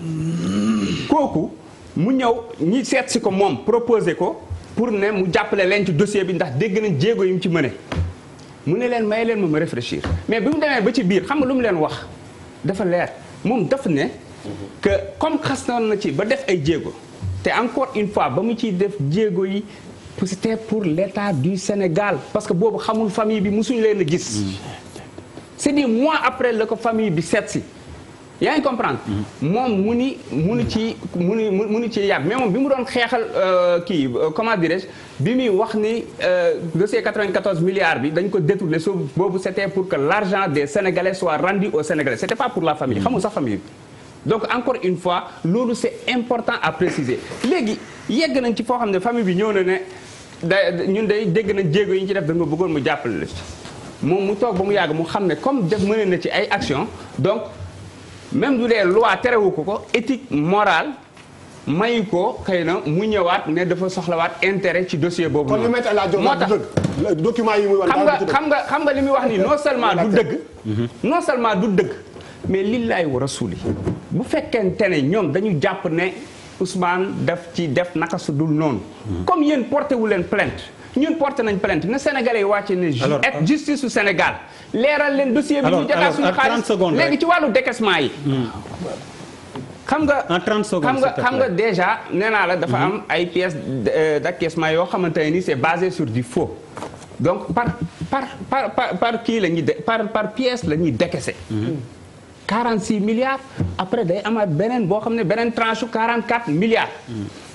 kooku mu ñëw ñi seet si ko moom proposé ko pour ne mu jàppale leen ci dossier bi ndax dégg nañ jéego yi mu ci mëne mu ne leen may leen ma ma réfléchir mais bi mu demee ba ci biir xam nga lu mu leen wax dafa leer moom daf ne que comme xas na na ci ba def ay jéego te encore une fois ba mu ciy def jéego yi c'était pour letat du Sénégal parce que boobu xamul famille bi musuñu leen a gis c'est des mois après la ko famille bi seet si yaa ngi comprendre mhm. moom mu ni munu ci muni munu ci yàgg mais moom bi mu doon xeexal euh, kii euh, comment dirais bi muy wax ni de ces 94 milliards bi dañ ko détourné su boobu c'était pour que l'argent des Sénégalais soit rendu aux Sénégalais c'était pas pour la famille mhm. xamul sax famille bi donc encore une fois loolu c'est important à préciser léegi yegg nañ ci foo xam ne famille bi ñëw na ne da ñun day dégg nañ jéego yi ñu ci def dañ ma bëggoon mu jàppale la moom mu toog ba mu yàgg mu xam ne comme def mëne na ci ay action donc même du dee loi terewu ko ko éthique morale mayu ko xëy na mu ñëwaat ne dafa soxlawaat intérêt ci dossier boobu. kon li may la jox document yi muy wax xam nga xam nga xam nga li muy wax nii non seulement du dëgg. Mhm. non seulement du dëgg mais lillaay wa rasuli bu fekkente ne ñoom dañu jàpp ne Ousmane def ci def naka su dul noonu. Mhm. comme yéen porté wu leen plainte. ñun porté nañ plainte na sénégalais yi wàcce ne et euh, justice su Sénégal leeral leen dossier bi ñu jotaa suñu xaalis léegi ci wàllu décaissement yi hmm. xam nga en 30 secondes xam nga xam nga déjà nee naa la dafa hmm. am ay pièces euh, d'acquiescement yoo xamante ne ni c'est basé sur di faux donc par par par par kii la ñuy par par pièce la ñuy décaissé. 46 hmm. milliards après day amaat beneen boo xam ne beneen tranche su 44 milliards.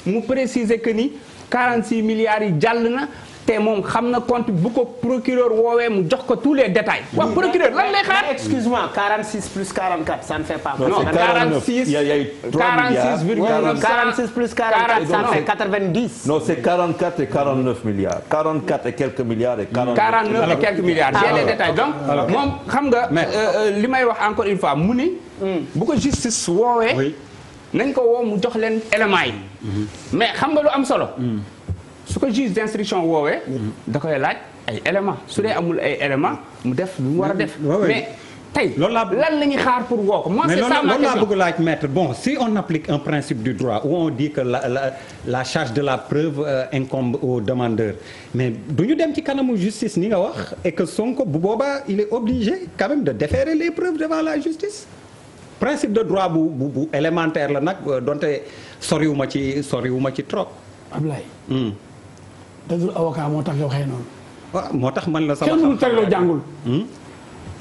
mu préciser que ni 46 milliards yi jàll na te moom xam na compte bu ko procureur woowee mu jox ko tous les détails. waa procureur lan lay xaar. excuse-moi non 46 y a y a 46 virgule 46 plus 44 ça et 49 milliards. 44 et quelques milliards et. 49 et quelques milliards j'ai les détails donc. moom xam nga. Euh, euh, li may wax encore une fois mu ni. Hmm. bu ko justice woowee. nañ ko woo mu jox leen éléments yi. Mhm. mais xam nga lu am solo. Hmm. su ko juge d'instruction woowee. da koy laaj ay éléments su dee amul ay éléments mu def lu mu war def. mais tey loolu la ñuy xaar pour woo ko. moi c'est ça ma laaj maître bon si on applique un principe du droit où on dit que la la la charge de la preuve euh, incombe au demandeur mais du ñu dem ci kanamu justice ni nga wax et que Sonko bu boobaa il est obligé quand même de déférer les preuves la justice. principe de droit bu bu bu élémentaire la nag euh, donte soriwuma ci soriwuma ci trop. Ablaye. Hmm. te dul avocat moo tax yow waxee noonu. waaw moo tax man la sama kenn mënul tere loo jàngul. Hmm?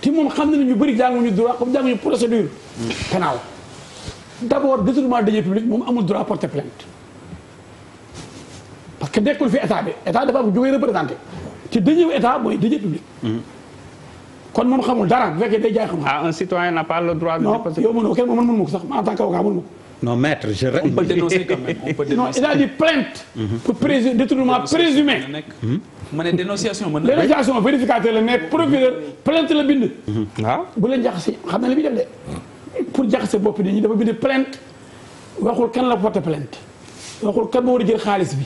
te moom xam na ne ñu bëri jànguñu droit comme jànguñu procédure. Hmm. pénale d' abord détournement de deniers moom amul droit porter plainte parce que nekkul fi état bi état dafa am ju koy représenté te deniers état mooy deniers publics. Hmm. kon moom xamul dara bu fekkee day jaay xam. ah un yow mënoo kenn mën mënu ma sax en tant qu'avocat mënu ma non maître je. on peut dénoncer quand même on peut dénoncer. non il a dit plainte. pour présu détournement ma ne dénonciation hmm? vérificateur la mais procureur plainte la bind. waaw hmm. ah? bu leen jaxase xam na li muy def de pour jaxase bopp kan la porté plainte waxul kan moo war a jël xaalis bi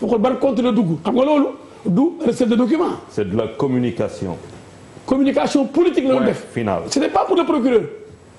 waxul ban compte la dugg xam nga loolu du recel de document. c'est communication. communication politique la doon def. final ce pas pour le procureur.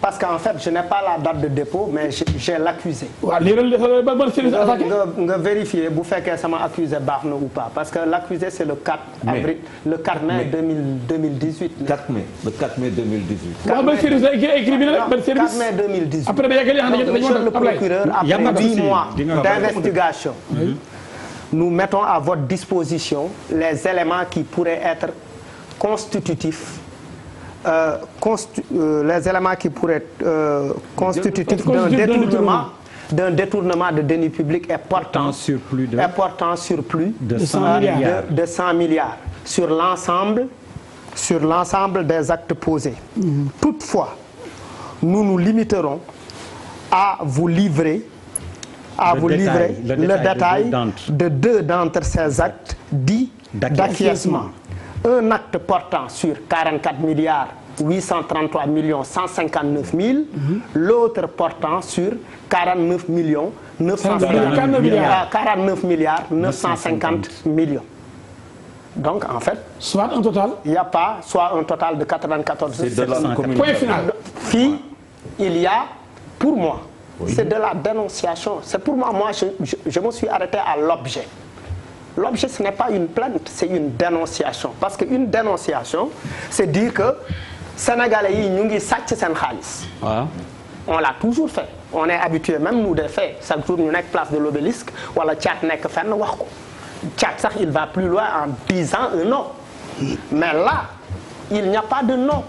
parce qu'en fait je n'ai pas la date de dépôt mais j'ai l'accusé waaw euh, nga nga vérifier bu fekkee sama accusé baax na ou pas parce que l'accusé c'est le 4 avril le 4 mai 2018 4 mai le 4 mai 2018 le procureur après 8 mois d'investigation mhm. nous mettons à votre disposition les éléments qui pourraient être constitutifs euh, constu, euh, les éléments qui pourraient être euh, constitutifs d'un détournement d'un détournement de deniers publics est portant sur plus de, est portant sur plus de 100 milliards, sur l'ensemble sur l'ensemble des actes posés. Mmh. Toutefois, nous nous limiterons à vous livrer à vous livrer le, détail, de deux d'entre ces actes dits d'acquiescement. un acte portant sur 44 milliards 833 millions 159 000. Mhm. L'autre portant sur 49 millions 950 milliards, 49 milliards 950 ah, millions. Donc en fait. soit un total. il n'y a pas soit un total de 94. C'est de la point final. fii il y a pour moi. c'est de la dénonciation c'est pour moi je me suis arrêté à l'objet l'objet ce n'est pas une plainte c'est une dénonciation parce que une dénonciation c'est dire que sénégalais yi ñu ngi sàcc seen xaalis waaw on l'a toujours fait on est habitué même nous de fait chaque jour ñu nekk place de l'obélisque wala caat nekk fenn wax ko caat sax il va plus loin en disant un non mais là il n'y a pas de non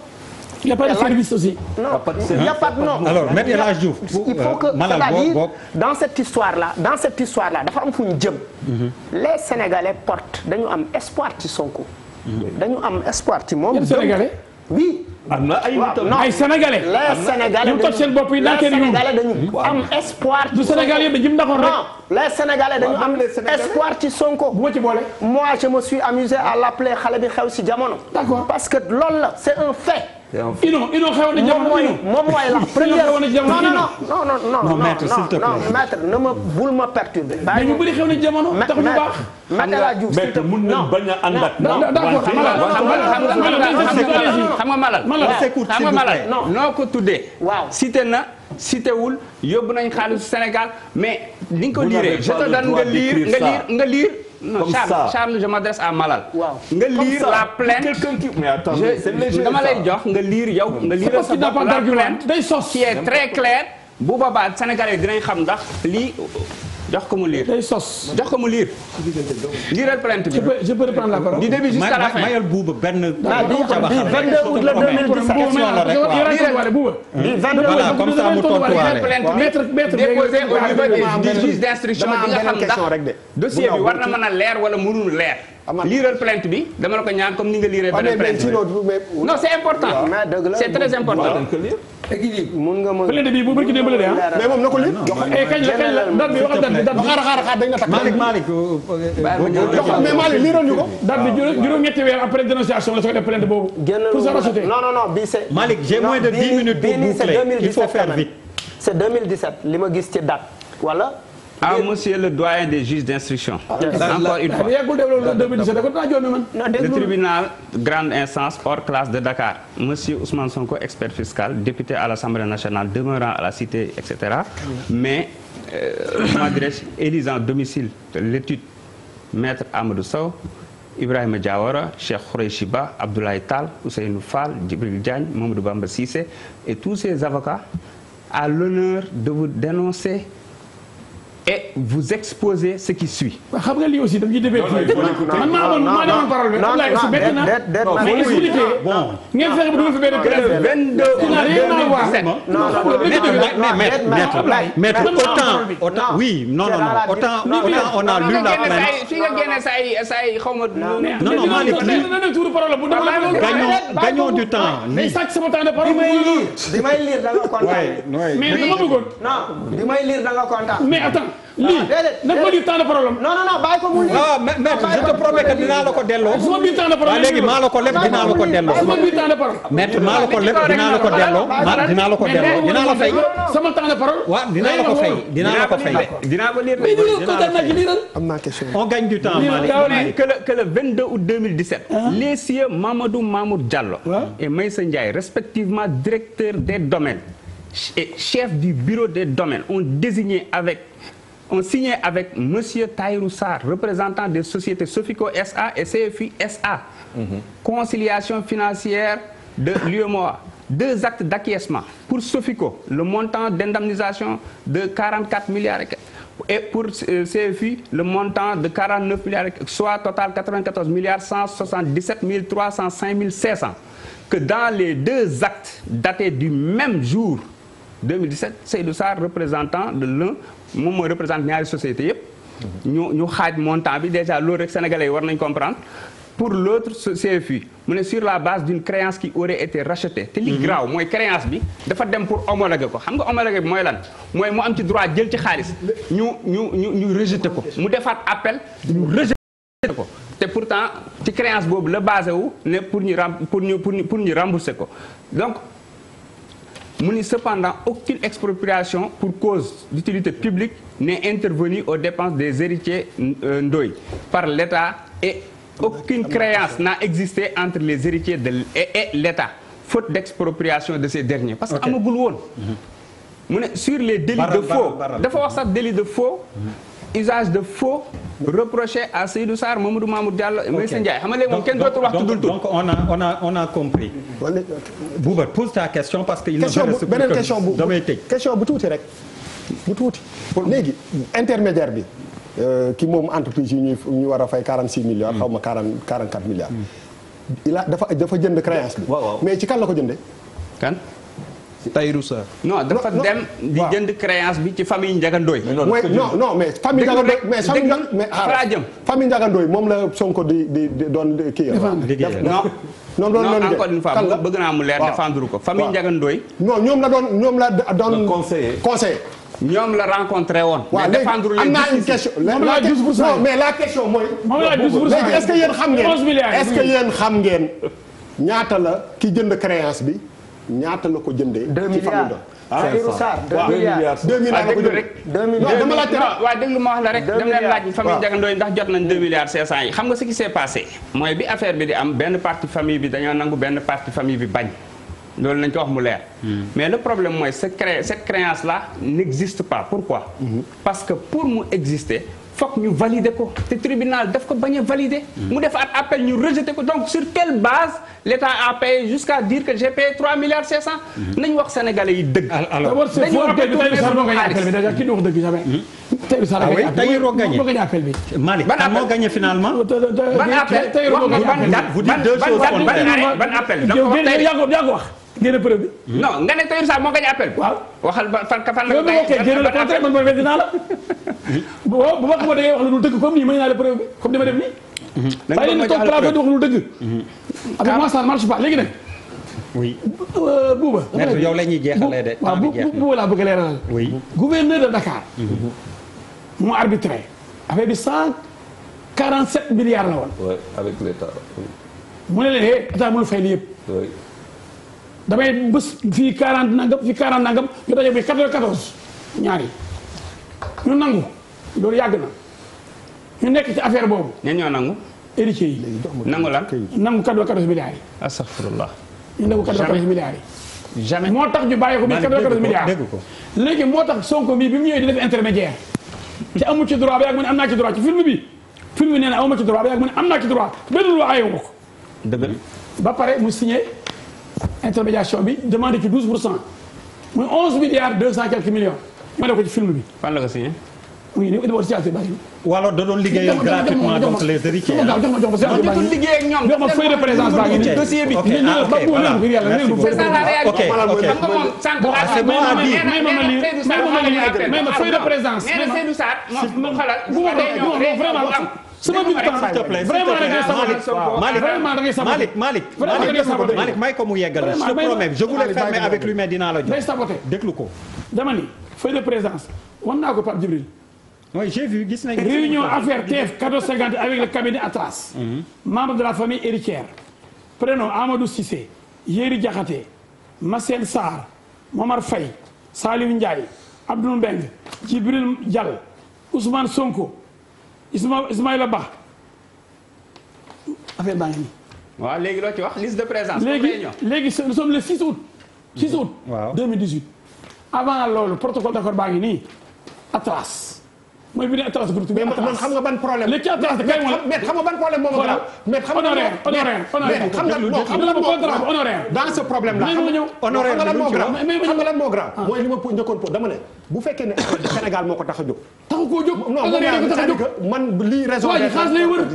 y' a pas de service aussi. non y' a pas non. alors maître El Hadj il faut euh, que dans cette histoire là dafa am fu ñu jëm. Mhm. les sénégalais portent dañu am espoir ci Sonko. Mhm. dañu am espoir ci moom. sénégalais. oui. am na ay ay sénégalais. les sénégalais ñu toj seen bopp yi dañu mhm. am espoir. du sénégalais yëpp dañu d'accord rek. non les sénégalais dañu am espoir ci Sonko. bu ci boole. moi je me suis amusé à l'appeler xale bi xew si jamono. d'accord parce que loolu la c'est un fait. Ino Ino xew na jamono mooy moom mooy la première non non non non maître s'il te plaît non maître ne ma bul ma perturber. mais ñu bëri xew na jamono tax ñu baax. maître mun na bañ a ànd ak. non d'accord xam nga malal xam nga malal noo ko tuddee. waaw cité na cité wul yóbbu nañ xaalisu Sénégal mais. ni nga ko liiree je te donne nga liir nga liir nga liir. non comme Charles, ça Charles je m'adresse Malal. waaw nga lire la plainte. Qui... mais dama lay jox nga lire yow. nga lire sa bopp la plainte day sos. qui est très claire bu boobaa Sénégalais dinañ xam ndax li jox ko mu liir day sos jox ko mu liir. liiral plainte bi. je peux reprendre la parole. du début jusqu'à la fin mayal buuba benn. ah bii vingt-deux août la deux mille dix-sept. voilà comme ça mu tontuwaale. maître maître déposé au niveau du juge d'instruction bi nga xam ndax dossier bi war na mën a leer wala mënul leer. liiral plainte bi dama la ko comme ni nga liiree beneen bi non c'est important c'est très important équilibre mun bi bu bëri dee bële de ah moom na ko lii eh, kañ la kañ bi waxal bi date bi xaar euh, euh, bi ñetti weer après dénonciation la soo def plainte boobu pour se racheter non non non bii c'est Malick j'ai moins c'est 2017 ma gis ci date wala à ah, monsieur le doyen des juges d'instruction. Ah, encore une le tribunal grande instance hors classe de Dakar monsieur Ousmane Sonko expert fiscal député à l'Assemblée nationale demeurant à la cité et cetera mais comment euh, dirais-je élisant domicile l'étude maître Amadou Sow Ibrahima Diawara Cheikh Khoureyssi Ba Abdoulaye Tall Ousseynou Fall Djibril Diagne Bamba Cissé et tous ces avocats à l'honneur de vous dénoncer et vous exposez ce qui suit. waaw xam nga lii aussi dañuy demee. man maa amoon maa demoon parole bi. Abdoulaye su bett na mais expliqué. bon ngeen fexe ba du ma fi benn crédit. 22 22 autant oui non non non autant on a lu la plainte. fii nga génne saa yi saa yi xaw ma. non non maa ngi lii gagnons gagnons du temps. mais sàcc sama temps de parole. di may lire di may lire da nga kontaan. mais dama bëggoon. non di may lire da nga kontaan. mais attends. lii nag ma di temps de problème. non non non bàyyi ko mu. ah mais mais je te promets que dinaa la ko delloo. su ma biir temps de problème léegi maa la ko leb dinaa la ko delloo. su ma biir temps de parole. maître maa la ko leb dinaa la ko delloo. maa dinaa la ko delloo dinaa la fay. sama temps de parole. waaw dinaa la ko fay dinaa la ko fay. dinaa ko lire mais ñu ngi kontaan nag lii lan. am naa question on gagne du temps. Malick Malick que le que le 22 août 2017. les sieurs Mamadou Mamour Diallo. et Maïssa Ndiaye respectivement directeurs des domaines et chefs du bureau des domaines ont désigné avec. ont signé avec monsieur Tahirou Sarr représentant des sociétés Sofico SA et CFI SA mm -hmm. conciliation financière de l'UEMOA deux actes d'acquiescement pour Sofico le montant d'indemnisation de 44 milliards et pour euh, CFI le montant de 49 milliards soit total 94 milliards 177 305 500 que dans les deux actes datés du même jour 2017 Seydou Sarr représentant de l'un moom mooy représente ñaari société yëpp. ñu ñu xaaj montant bi déjà loolu rek sénégalais yi war nañ comprendre. pour l'autre fii mu ne sur la base d'une créance qui aurait été rachetée te li mhm. graaw mooy créance bi dafa dem pour homologuer ko xam nga homologuer bi mooy lan mooy mu am ci droit jël ci xaalis ñu ñu ñu ñu rejeté ko mu defaat appel ñu rejeté ko te pourtant ci créance boobu la basé wu ne pour ñu pour ñu pour ñu rembourser ko donc mu ni cependant aucune expropriation pour cause d'utilité publique n'est intervenue aux dépenses des héritiers euh, Ndoye par l'État et aucune créance n'a existé entre les héritiers de et l'État faute d'expropriation de ces derniers parce que amagul woon mhm. mu sur les délits de faux dafa wax sax de faux mhm. usage de faux reproché à Seydou Sarr Mamadou Mamour Diallo et Maïssa Ndiaye xam nga léegi moom kenn dootul wax tuddul tout donc a question parce que. il question bu beneen question bu damay tëj question tuuti rek bu tuuti. léegi intermédiaire bi. Euh, ki moom entreprise yi ñuy war a fay 46 milliards. Hmm. xaw ma 40 44 milliards. il a dafa dafa jënd créance bi. mais ci kan la ko jëndee. Tahirou Sarr. non dafa dem di jënd créance bi ci famille Ndiaga Ndoye. non non mais famille Ndiaga Ndoye mais famille Ndiaga mais xaaral famille Ndiaga Ndoye moom la Sonko di di doon kii. non non non encore une fois bëgg naa mu leer défendre ko famille Ndiaga Ndoye. non ñoom la doon ñoom la doon. conseiller conseiller. ñoom la rencontré woon. waaw léegi am naa une question. moom la 10 pour cent non mais la question mooy. moom la 10 pour cent léegi est-ce que yéen xam ngeen. est-ce que yéen xam ngeen ñaata la ki jënd créance bi ñaata la ko jëndee. ci famille ah deux milliards deux milliards ah, déglu rek. non dama laajte rek waaw déglu ma wax la rek. dem leen jot nañ deux milliards cinq cent yi. xam nga ce qui s'est passé mooy bi affaire bi di am benn partie famille bi dañoo nangu benn partie famille bi bañ. loolu nañ ko wax mu leer. Hmm. mais le problème mooy cette cré cette créance là n'existe pas pourquoi. Hmm. parce que pour mu exister. foog ñu valider ko te tribunal daf ko bañ a valider. Hmm. mu def at appel ñu rejeter ko donc sur quelle base l' état a payé jusqu'à dire que j'ai payé 3 milliards 500. Hmm. nañ wax sénégalais yi dëgg. alors c' est hmm. ah appel bi Tahirou Sarr moo bi déjà ki ñu wax dëgg jamais. Tahirou Sarr a gagné Tahirou moo gagné bi. Malick kan moo gagné génne preuve bi. non nga ne Tahirou Sarr moo gañ appel. waaw waxal ba da ngay wax lu dul dëgg nii may naa la preuve bi comme ni nii. da nga doon ma jox la preuve bàyyi di wax lu dul dëgg. avec moi ça ne marche pas léegi nag. oui Bouba. maître yow la ñuy jeexalee de. bëgg a leeralal. oui de Dakar. moo arbitré affaire bi 147 la woon. oui avec l' état. mu ne leen eh état mënul fay lii yëpp. damay mbës fii 40 nangam fii 40 nangam ñu daje bi 94 ñaari ñu nangu loolu yàgg na ñu nekk ci affaire boobu. ñenn ñoo nangu. héritier yi nangu lan nangu 94 milliards yi. astaghfirullah. ñu nangu 94 milliards yi. jamais moo tax ñu bàyyi ko bi 94 milliards léegi moo tax Sonko bi bi mu ñëwee di def intermédiaire te amu ci droit ba yàgg am naa ci bi bi nee na amu ci droit ba yàgg mu ne am naa ci droit benn loi ayewu ko. dëgg ba pare mu signé. intermédiation bi demandé ci 12 pour cent muy 11 milliards 200 quelques millions ma ne ko ci film bi. fan la ko signé. mu ngi nii Edouard Thiaw si bari. wala da doon liggéeyal gratuitement donc les héritiers. jox ma jox ma feuille de présence baa ngi nii dossier bi. ok ah ok voilà merci beaucoup. ok ok c'est bon à dire. may ma ma lire may ma ma lire may ma feuille de présence. bu ma doon bu ma doon vraiment lu am. sama biir temps s'il te plaît vraiment da ngay saboté Malick Malick may ko mu yeggal je te promets je voulais fermer avec lui mais dinaa la jox ko dama ni feuille de ko Pape Djibril réunion affaire TF 1450 avec le cabinet Atlas membre de la famille héritière prénom Amadou Cissé Yéri Diakhaté Massène Sarr Momar Faye Saliou Ndiaye Abdoul Mbengue Djibril Diallo Ousmane Sonko Isma Ismaïla Ba affaire baa ngi nii. waaw léegi loo ci wax liste de présence. léegi léegi nous sommes le 6 août. 6 août. waaw 2018. avant loolu protocole d'accord baa ngi nii atras. mooy bi ne trace groupe mais man xam nga ban problème li ci trace kay wala mais xam nga ban problème moom la mais xam nga honoraire honoraire xam nga non xam nga moo grave honoraire dans ce problème là xam nga honoraire xam nga lan moo grave xam ah. nga lan moo grave mooy li ma njëkkoon pour dama ne bu fekkee ne Sénégal moo ko tax a jóg taxu koo jóg non man lii raison waaye xaas lay wër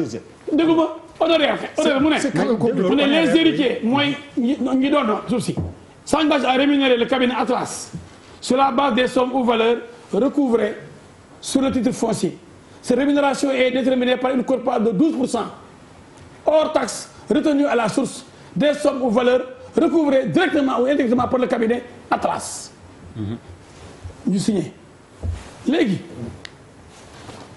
dégguma honoraire honoraire mu ne mu ne les héritiers mooy ñi doon suuf si s'engage à rémunérer le cabinet Atlas sur la base des sommes ou valeurs recouvrées sur le titre foncier. Cette rémunération est déterminée par une quote-part de 12%, hors taxe, retenue à la source des sommes ou valeurs recouvrées directement ou indirectement par le cabinet Atlas. Mhm. ñu signé léegi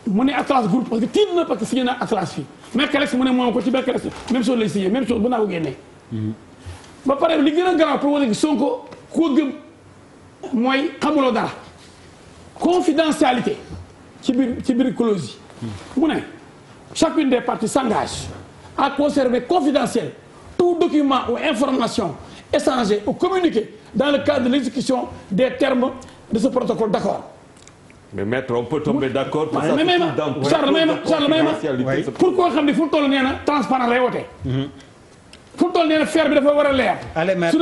mu ne Atlas groupe parce que tiit na parce que signé na Atlas fii Mercalex mu ne moom ko ci Mercalex même chose lay signé même chose ba naa ko génnee. Mhm. ba pare li gën a garaaw pour wane Sonko koo gëm mooy xamuloo dara. confidentialité ci biir ci biir clause yi mu ne chacune des parties s'engage à conserver confidentiel tout document ou information échangée ou communiquée dans le cadre de l'exécution des termes de ce protocole d'accord mais maître on peut tomber d'accord pour ça même Charles même ne fu mu toll nee na transparent lay wote mhm. fu mu toll nee na fer war a leer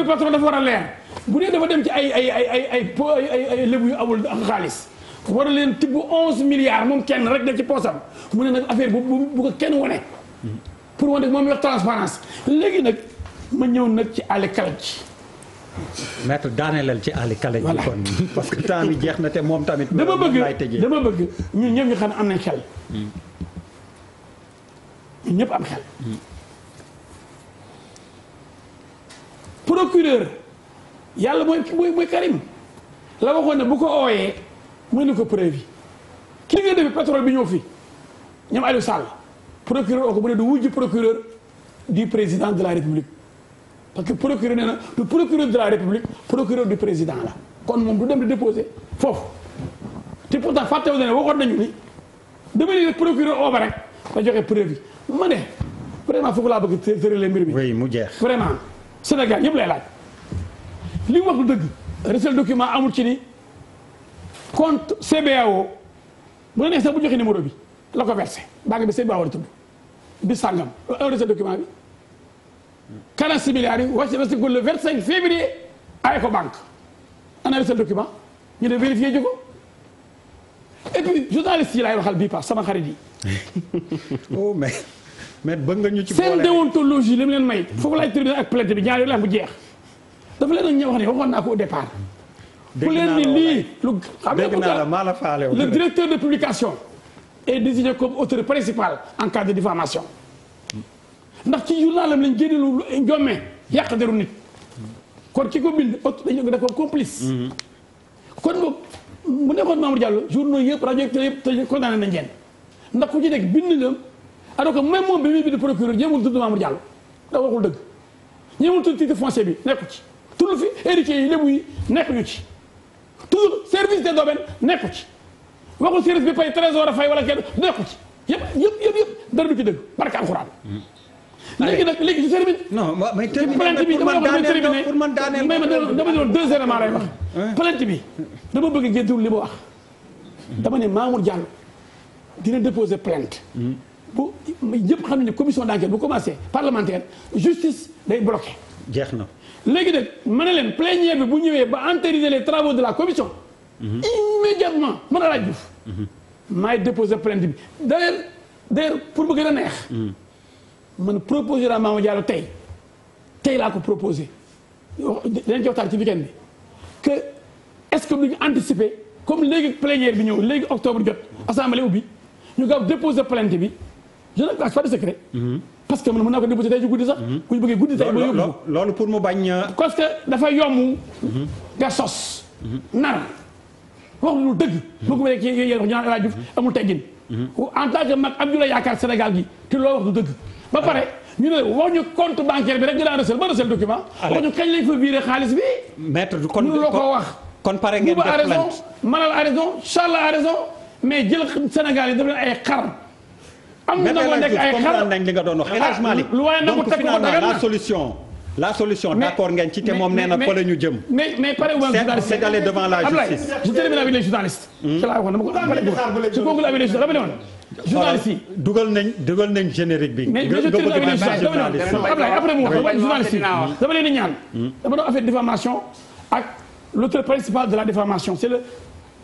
dafa war a leer bu dee dafa dem ci ay ay ay ay ay ay ay lébu yu awul ak xaalis war leen tibb onze milliards moom kenn rek def ci poosam mu ne nag affaire boobu bu ko kenn wane. pour wane moom yor transparence léegi nag ma ñëw nag ci àll kalaj maître daaneelal ci àll kalaj bi kon parce que temps bi jeex na te moom tamit. dama bëgg dama bëgg ñu ñëpp ñu xam ne am nañ xel. Hmm. ñun ñëpp am xel. procureur. yàlla mooy mooy mooy Karim la waxoon ne bu ko ooyee mën na ko preuve yi ki nga defee pétrole bi ñëw fi ñoom Aliou Sall procureur oo ko mu ne du wujj procureur du président de la république parce que procureur nee na du procureur de la république procureur du président la kon moom du dem di déposer foofu te pourtant fàttewu na ne waxoon nañu ni dama ni rek procureur oo ba rek ba joxe preuve yi ma ne vraiment foofu laa bëgg tëralee mbir mi oui mu jeex vraiment Sénégal yëpp lay laaj li mu wax lu dëgg recel document amul ci ni compte CBAO bu neex sax bu joxe numéro bi la ko versé banque bi CBAO la tudd bi sàngam recel document bi 46 milliards yi wàcc versé ko le 25 février à Ecobank ana recel document ñu ne vérifié ji ko et puis journaliste yi laay waxal bii paas sama xarit yi. <laughs> oh mais mais bëgg nga ñu ci boole seen déontologie li mu leen may. foofu laay tribunal ak plainte bi ñaar yooyu la bu jeex. dafa leen a ñëw wax ne waxoon naa ko au départ. ku leen ni lii lu xam nga le directeur de publication est désigné comme auteur principal en cas de diffamation ndax ci journalam lañ génne lu jommee yàq deru nit kon ki ko bind ot dañu def ko complice mm-hmm. kon boobu mu nekkoon Mamour jàll journaux yëpp rajo yëpp te condamné nañ leen ndax ku ci nekk bind na alors que même moom bi muy bind procureur ñëwul tudd Mamour Diallo da waxul dëgg ñëwul tudd titre foncier bi nekku ci tudd fi héritiers yi lébu yi nekkuñu ci toujours service de domaines nekku ci waxul service bi pay trésor a fay wala kenn nekku ci yëpp yëpp yëpp yëpp dara du ci dëgg barke alxuraan léegi nag léegi ci service non mais plainte bi dama terminé bi dama bëgg géntul li ma wax dama ne Mamour Diallo dina déposer plainte hmm. bu ñëpp xam ne commission d'enquête bu commencé parlementaire justice day bloqué jeex na léegi nag ma ne leen plénière bi bu ñëwee ba entériser les travaux de la commission. immédiatement man a laaj Diouf. maay déposer plainte bi d'ailleurs pour mu gën a neex. man proposé naa Maama tey tey laa ko proposé dinañ ci waxtaan ci weekend bi que est-ce que duñu comme léegi plénière bi ñëw léegi octobre jot. assemblée ubbi ñu gaaw déposé plainte bi je ne cache pas de secret. parce que mën naa ko déposé tey ci guddi mhm. ba yóbbu ko loolu pour mu bañ euh, parce que dafa yomb. Mhm. sos. Mhm. nar wax dëgg. boo ko mënee kii yéen wax ñu naan El en tant que mag Abdoulaye yaakaar Sénégal gi te loo wax du dëgg. ba pare ah. ñu ne wax ñu compte bancaire bi rek ñu daan recel ba document. wax ñu kañ lañ fa biiree xaalis bi. maître du kon ñu loo ko wax. kon pare ngeen def plante mais jël Sénégal yi daf leen ay xar. am na nangoo nekk ay xar nañ li nga doon wax El Hadj ah, Malick lu waaye nangu teg ko dagan la solution la solution d'accord ngeen ci te moom nee na fa la ñu jëm. mais mais pare wu c'est aller devant la justice. Ablaye je termine avec les journalistes. ci laa waxoon dama ko su ko la avec les journalistes journalistes yi dugal nañ dugal nañ générique bi. mais je termine avec les journalistes Ablaye après mu wax waaye journalistes yi dama leen di ñaan. Hmm? dama doon affaire diffamation ak l'auteur principal de la diffamation c'est le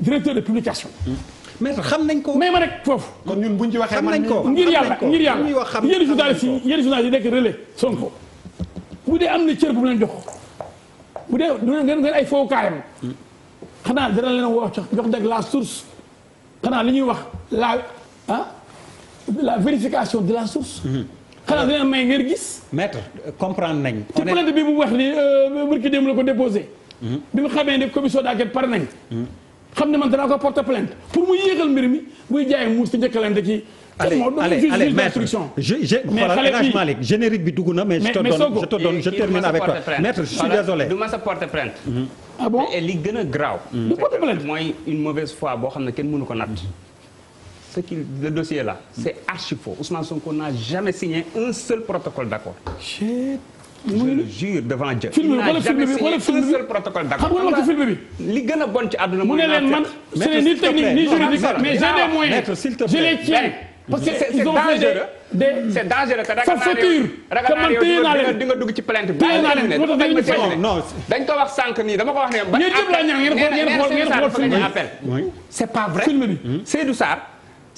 directeur de publication. Hmm? maître xam nañ ko. mais ma rek foofu. kon ñun buñ ci waxee man ngir yàlla ngir yàlla yéen journaliste yi yéen journaliste yi nekk relais Sonko bu dee am na cër bu mu leen jox bu dee ngeen ngeen ay foo kaayam xanaa dana leen wax jox dëgg la source xanaa li ñuy wax la ah la vérification de la source. Mhm. xanaa dina may ngeen gis. maître comprendre nañ. te ci plainte bi mu wax ni euh, barki démb la ko déposé. Mhm. bi mu xamee ne commission d'enquête pare nañ. Mhm. xam ne man danaa ko porter plainte pour mu yéegal mbir mi buy jaayee muus ci njëkkalante ci. allez allez allez maître je je xoolal Malick générique bi dugg mais. je te donne je te je termine avec je suis désolé. ma sa porter plainte. Mm-hmm. ah bon li gën a mm-hmm. du porter plainte mooy une mauvaise foi boo xam ne kenn mënu ko natt. ce qui le dossier là. c'est archi faux Ousmane Sonko n'a jamais signé un seul protocole d'accord. je le jure devant Dieu. film bi xoolal film bi xoolal film bi xam nga wax ci film bi. li gën a bon ci àdduna mu ne leen man ce n'est ni technique ni juridique mais j'ai des moyens je les tiens. parce que ils ont fait des c'est dangereux te man téye naa leen di nga dugg ci plainte bi. téye naa leen moo tax dañ ko wax sànq nii dama ko wax ne. ba appel ngeen jëpp laa ñaan ngeen xool ngeen xool film bi. c'est pas vrai hmm? Seydou Sarr.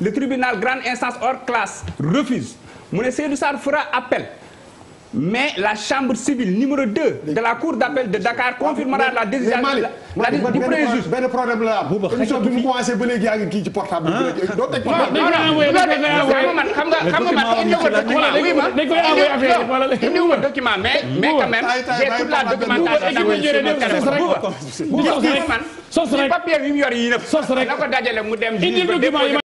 le tribunal grande instance hors classe refuse mu ne Seydou Sarr fera appel mais la chambre civile numéro 2 de la cour d'appel de Dakar confirmera la décision du préjuge benn problème la am émission bi mu commencé ba léegi yaa ngi kii ci portable doo teg non non man xam nga xam nga man indi ma document oui ma indi ma document mais mais quand même j'ai toute la documentation man yi mu yor yi nëpp na ko dajale